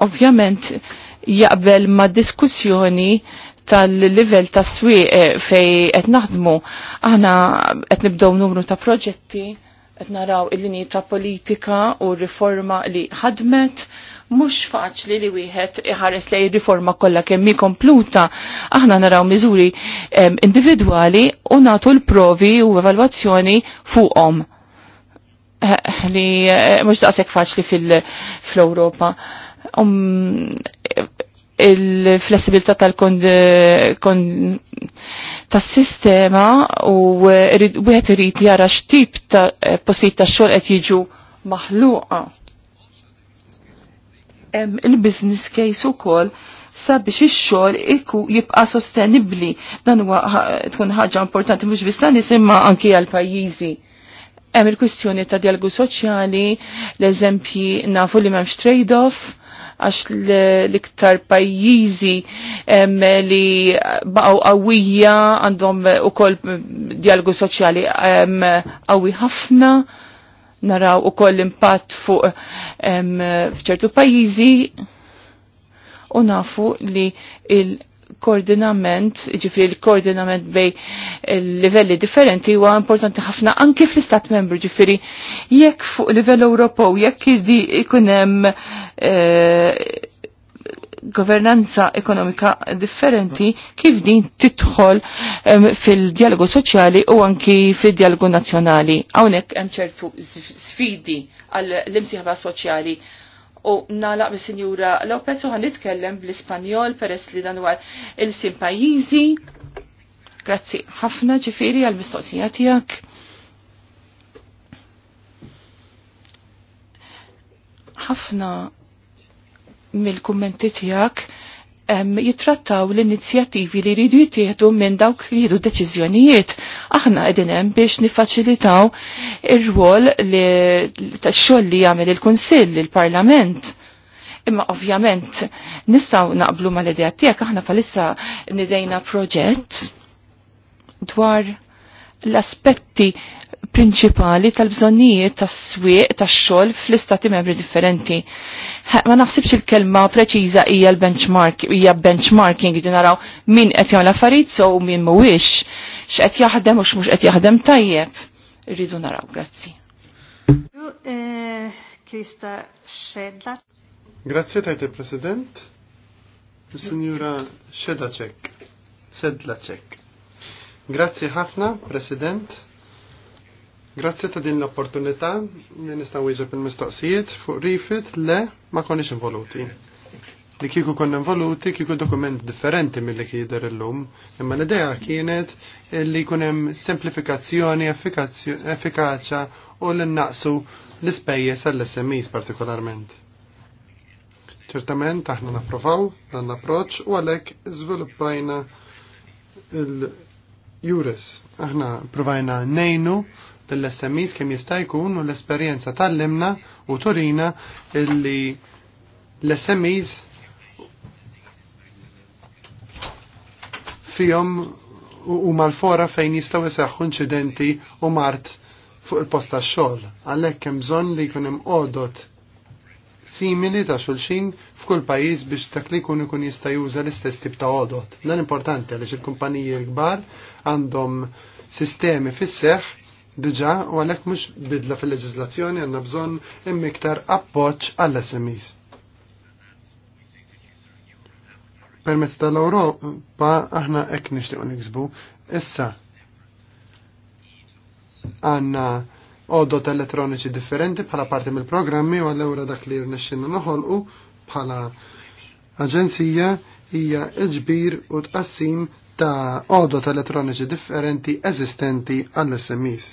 ovvjament jaqbel ma' diskussjoni tal-livell ta' swieq eh, fej qed naħdmu. Aħna qed nibdew numru ta' proġetti, qed naraw il-linji ta' politika u riforma li ħadmet mhux faċli li wieħed iħares li riforma kollha kemm kompluta. Aħna naraw miżuri individwali u nagħtu l-provi u evalwazzjoni fuqhom eh, li eh, mhux daqshekk faċli fil-Ewropa. Um, il-flessibilità tal-sistema u wieħed irid jara x'tip ta' postijiet ta' xogħol qed jiġu maħluqa. Il-business case ukoll sabiex ix-xogħol iku jibqa' sostenibbli. Dan huwa tkun ħaġa importanti mhux biss tan anki għal pajjiżi. Hemm il-kwistjoni ta' dialgu soċjali, l-eżempji nafu li m'hemmx trade-off, għax l-iktar pajjiżi li baqgħu qawwija għandhom ukoll dialogu soċjali qawwi ħafna naraw ukoll impatt fuq f'ċertu pajjiżi u nafu li il- koordinament, ġifri l-koordinament bej livelli differenti huwa importanti ħafna anki fl-istat membru ġifri jekk fuq livell Ewropew jekk ikun hemm eh, governanza ekonomika differenti kif din titħol fil-dialogu soċjali u anki fil-dialogu nazzjonali. Hawnhekk hemm ċertu sfidi għall-imsieħba soċjali u nalaq bi sinjura Lopez u ħanitkellem bl-Ispanjol peress li dan huwa il-sim pajjiżi. Grazzi ħafna ġifieri għall-mistoqsija tiegħek. ħafna mill-kummenti tiegħek jitrattaw l-inizjattivi li jridu jittieħdu minn dawk li jidu deċizjonijiet. Aħna qegħdin hemm biex nifaċilitaw ir-rwol li tax-xogħol li jagħmel il-Kunsill, il-Parlament. Imma ovvjament nistgħu naqblu mal-idea tiegħek aħna palissa nidejna proġett dwar l-aspetti prinċipali tal-bżonnijiet tas-swieq tax-xogħol fl-istati membri differenti. Ma naħsibx il-kelma preċiża hija l-benchmark hija benchmarking jiġu naraw min qed jagħmel affarijiet sew min mhuwiex, x'qed jaħdem u x'mhux qed jaħdem tajjeb. Irridu naraw, grazzi. Krista Xedla. Grazzi tajt il-President. Signora Xedla Sedlacek. Grazzi ħafna, President. Grazzi ta' din l-opportunità li nista' wieġeb il-mistoqsijiet fuq rifit le ma konniex involuti. Li kiku konna involuti kieku dokument differenti mill-li kider illum, imma l-idea kienet li kunem semplifikazzjoni, effikaċa u l-naqsu l-ispejjeż għall smis partikolarment. Ċertament aħna napprovaw dan l-approċ u għalhekk iżviluppajna il-Juris. Aħna provajna nejnu dell smes kem jista' jkun u l-esperjenza tal-limna u turina illi l-SMEs fihom u mal-fora fejn jistgħu jseħħu inċidenti u mart fuq il-post tax-xogħol. Għalhekk hemm bżonn li jkun hemm għodot simili ta' xulxin f'kull pajjiż biex dak li jkun ikun jista' juża l-istess tip ta' għodot. Dan importanti għaliex il-kumpaniji l-kbar għandhom sistemi fis-seħħ Dġa, u għalhekk mhux bidla fil leġizlazzjoni għandna bżonn immiktar appoċ appoġġ għall-SMEs. Permezz tal-Ewropa aħna nishtiq nixtiequ niksbu. Issa għanna għodot elettroniċi differenti bħala parti mill-programmi u għallura dak li rnexxinna u bħala aġenzija hija iġbir u tqassim ta' għodot elettroniċi differenti eżistenti għall-SMEs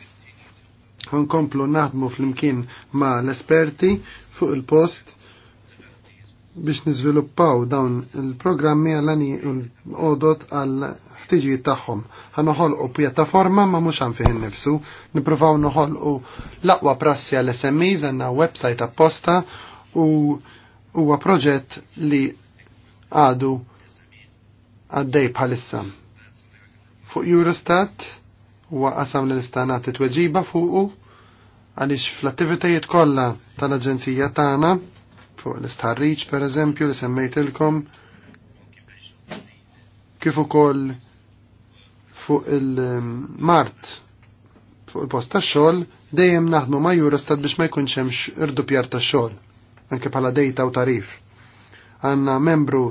ħankomplu naħdmu fl-imkien ma' l-esperti fuq il-post biex niżviluppaw dawn il-programmi għal-għani l-odot għal ħtiġijiet tagħhom. u pjattaforma ma mhux għan fiħin innifsu, nippruvaw noħolqu l-aqwa prassi għal SMEs għandna website apposta u huwa proġett li għadu għaddej bħalissa. Fuq Eurostat huwa qasam l t tweġiba u għaliex fl-attivitajiet kollha tal-Aġenzija tagħna fuq l per pereżempju li semmejtilkom kif ukoll fuq il-Mart fuq il-post tax-xogħol dejjem naħdmu ma' Eurostat biex ma jkunx hemm irdupjar tax-xogħol anke bħala dejta u tarif. Għanna membru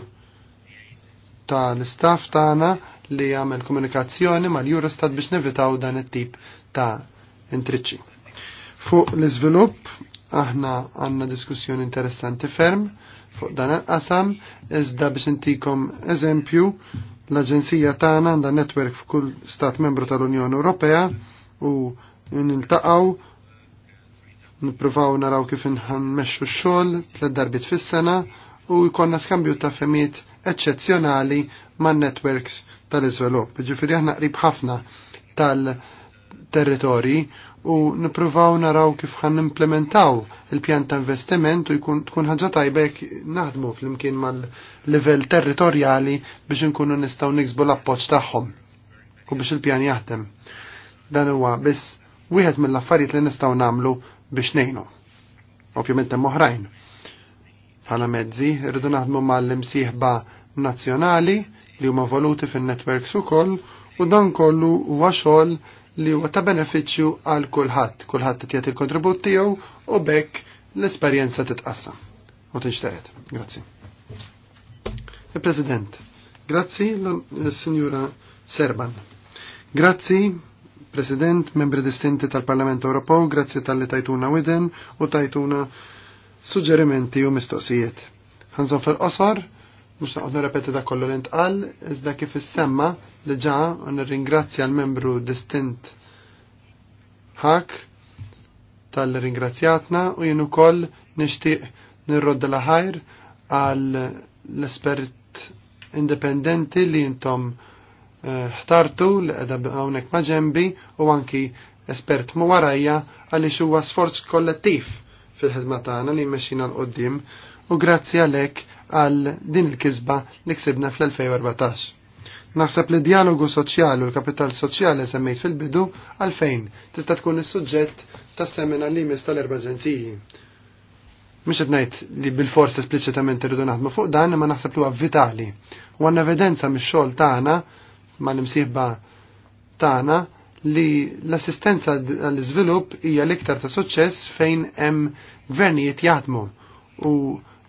tal istaff tagħna li jagħmel komunikazzjoni mal-Eurostat biex nevitaw dan it-tip ta' intriċċi. Fuq l izvilup aħna għanna diskussjoni interessanti ferm fuq dan il qasam iżda biex intikom eżempju l-Aġenzija tagħna għandha netwerk f'kull stat membru tal-Unjoni Ewropea u niltaqgħu nippruvaw naraw kif nħammexxu x-xogħol tliet darbit fis-sena u jkollna skambju ta' femiet eċċezzjonali man netwerks tal-iżvilupp. Ġifieri aħna qrib ħafna tal-territorji u nipruvaw naraw kif ħan implementaw il-pjan ta' investiment u jkun tkun ħaġa tajba jekk naħdmu flimkien mal-livell territorjali biex nkunu nistgħu niksbu l-appoġġ tagħhom u biex il-pjan jaħdem. Dan huwa biss wieħed mill-affarijiet li nistgħu nagħmlu biex ngħinu. Ovvjament hemm oħrajn. Bħala mezzi rridu naħdmu mal-imsieħba nazzjonali li huma voluti fin-networks ukoll u dan kollu huwa xogħol li huwa ta' benefiċċju għal kulħadd, kulħadd qed il-kontribut tiegħu u bekk l-esperjenza titqassam u tinxteret. Grazzi. Il-President, grazzi l-Sinjura Serban. Grazzi President, membri distinti tal-Parlament Ewropew, grazzi tal-li tajtuna widen u tajtuna suġġerimenti u mistoqsijiet. Ħanżon fil-qosor, Mux naqodnu repeti da kollu l-intqal, iżda kif is-semma li ġa nirringrazzja l-membru distint ħak tal-ringrazzjatna u jien ukoll nixtieq nirrodda la ħajr għal l-espert indipendenti li jintom eh, ħtartu li qiegħda hawnhekk ma'ġembi, u anki espert mu warajja għaliex huwa sforz kollettiv fil-ħidma tagħna li mexxina l-qoddim u grazzi għalhekk għal din il-kisba li ksibna fl-2014. Naħseb li dialogu soċjali u l-kapital soċjali semmejt fil-bidu għalfejn tista' tkun is-suġġett tas seminar li jmiss tal-erba' ġenziji. Mhux qed ngħid li bil-fors espliċitament irridu naħdmu fuq dan imma naħseb li huwa vitali. U għandna evidenza mix-xogħol tagħna ma' nimsieħba tagħna li l-assistenza għall-iżvilupp hija l-iktar ta' suċċess fejn hemm gvernijiet jaħdmu u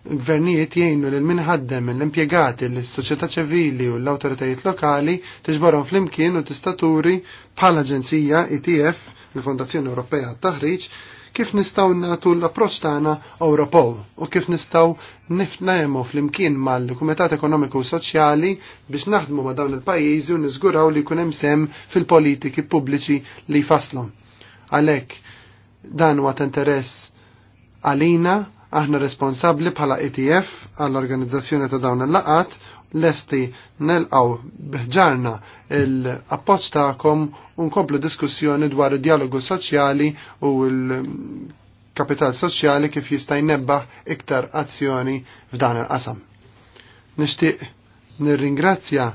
gvernijiet jgħinu lil minħaddem l-impjegati l-soċjetà ċivili u l-awtoritajiet lokali tiġborhom flimkien u t-istaturi bħal aġenzija ETF, il-Fondazzjoni Ewropea t taħriġ kif nistaw natu l-approċ tagħna Ewropew u kif nistaw nifnajmu flimkien mal-Kumitat Ekonomiku u Soċjali biex naħdmu ma' dawn il-pajjiżi u niżguraw li jkun hemm sem fil-politiki pubbliċi li jfasslhom. Għalhekk dan huwa interess għalina Aħna responsabli bħala ETF għall-organizzazzjoni ta' dawn il-laqat lesti nelqaw biħġarna l-appoċ ta'kom unkomplu diskussjoni dwar id-dialogu soċjali u l-kapital soċjali kif jista' jnebbaħ iktar azzjoni f'dan il-qasam. Nixtieq nirringrazzja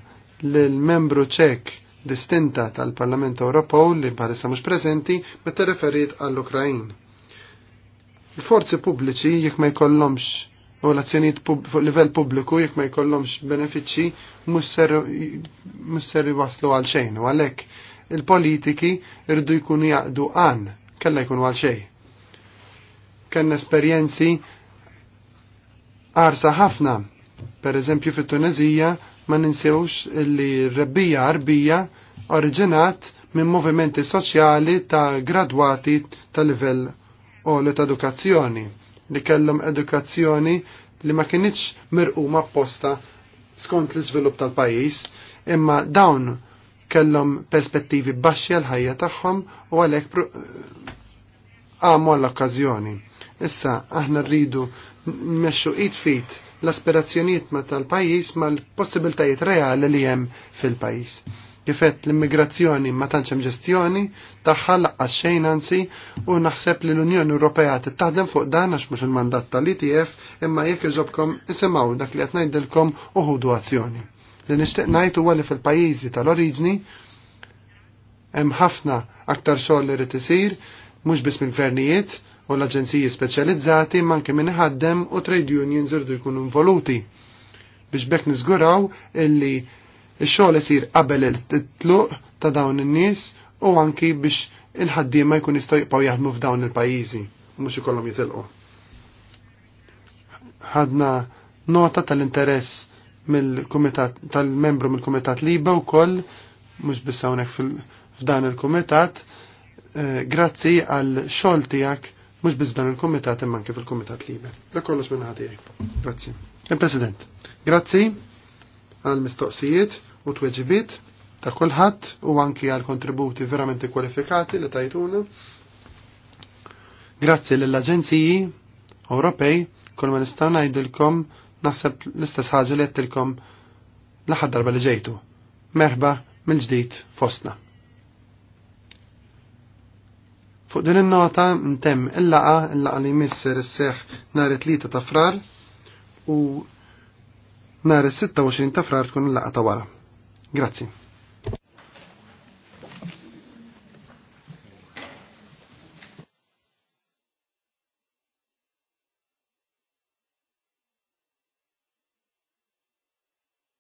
lill-membru ċek distinta tal-Parlament Ewropew li bħalissa mhux preżenti meta referiet għall ukrajin Il-forzi pubbliċi jekk ma jkollhomx u l-azzjonijiet fuq livell pubbliku jekk ma jkollhomx benefiċċji mhux ser waslu għal xejn u għalhekk il-politiki rridu jkunu jaqdu għan kellha jkunu għal xejn. Kenna esperjenzi arsa ħafna, per eżempju fit-Tunezija ma ninsewx li rebbija arbija oriġinat minn movimenti soċjali ta' gradwati ta' livell oli ta' edukazzjoni li kellhom edukazzjoni li ma kienieċ mirquma apposta skont l-iżvilupp tal-pajjiż, imma dawn kellhom perspettivi baxxi għal ħajja tagħhom u għalhekk għamu għall-okkażjoni. Issa aħna rridu mmexxu id fit l-aspirazzjonijiet ma tal-pajjiż mal-possibiltajiet reali li hemm fil-pajjiż. Kifet l-immigrazzjoni ma tantx hemm ġestjoni tagħha laqqas xejn anzi u naħseb li l-Unjoni Ewropea tittaħdem fuq dan għax mhux il-mandat tal-ITF imma jekk iżobkom isimgħu dak li qed ngħidilkom uħudu azzjoni. Li nixtieq ngħid huwa li fil-pajjiżi tal-oriġni hemm ħafna aktar xogħol li rid isir mhux biss mill-gvernijiet u l-aġenziji speċjalizzati ma anke minn ħaddem u trade unions irdu jkunu involuti biex bekk niżguraw illi Ix-xogħol isir qabel il-titluq ta' dawn in-nies u anki biex il-ħaddiema jkun jistgħu jibqgħu jaħdmu f'dawn il-pajjiżi u mhux ikollhom jitilqu. Ħadna nota tal-interess mill-kumitat tal-membru mill-kumitat Liba wkoll mhux biss hawnhekk f'dan il-kumitat eh, grazzi għal xogħol tiegħek mhux biss dan il-kumitat imma anke fil-kumitat Liba. Dak kollox minn ħadijek. Grazzi. Il-President, grazzi għal mistoqsijiet u tweġibiet ta' kulħadd u anki għal kontributi verament kwalifikati li tajtuna. Grazzi lill-Aġenziji Ewropej kull ma nistgħu ngħidilkom naħseb l-istess ħaġa li għedtilkom l-aħħar darba li ġejtu. Merba mill-ġdid fostna. Fuq din il-nota ntemm il-laqa, il-laqa li jmisser is-seħ nhar it-tlieta ta' frar u nhar 26 ta' frar tkun il-laqgħa ta' wara. Grazzi.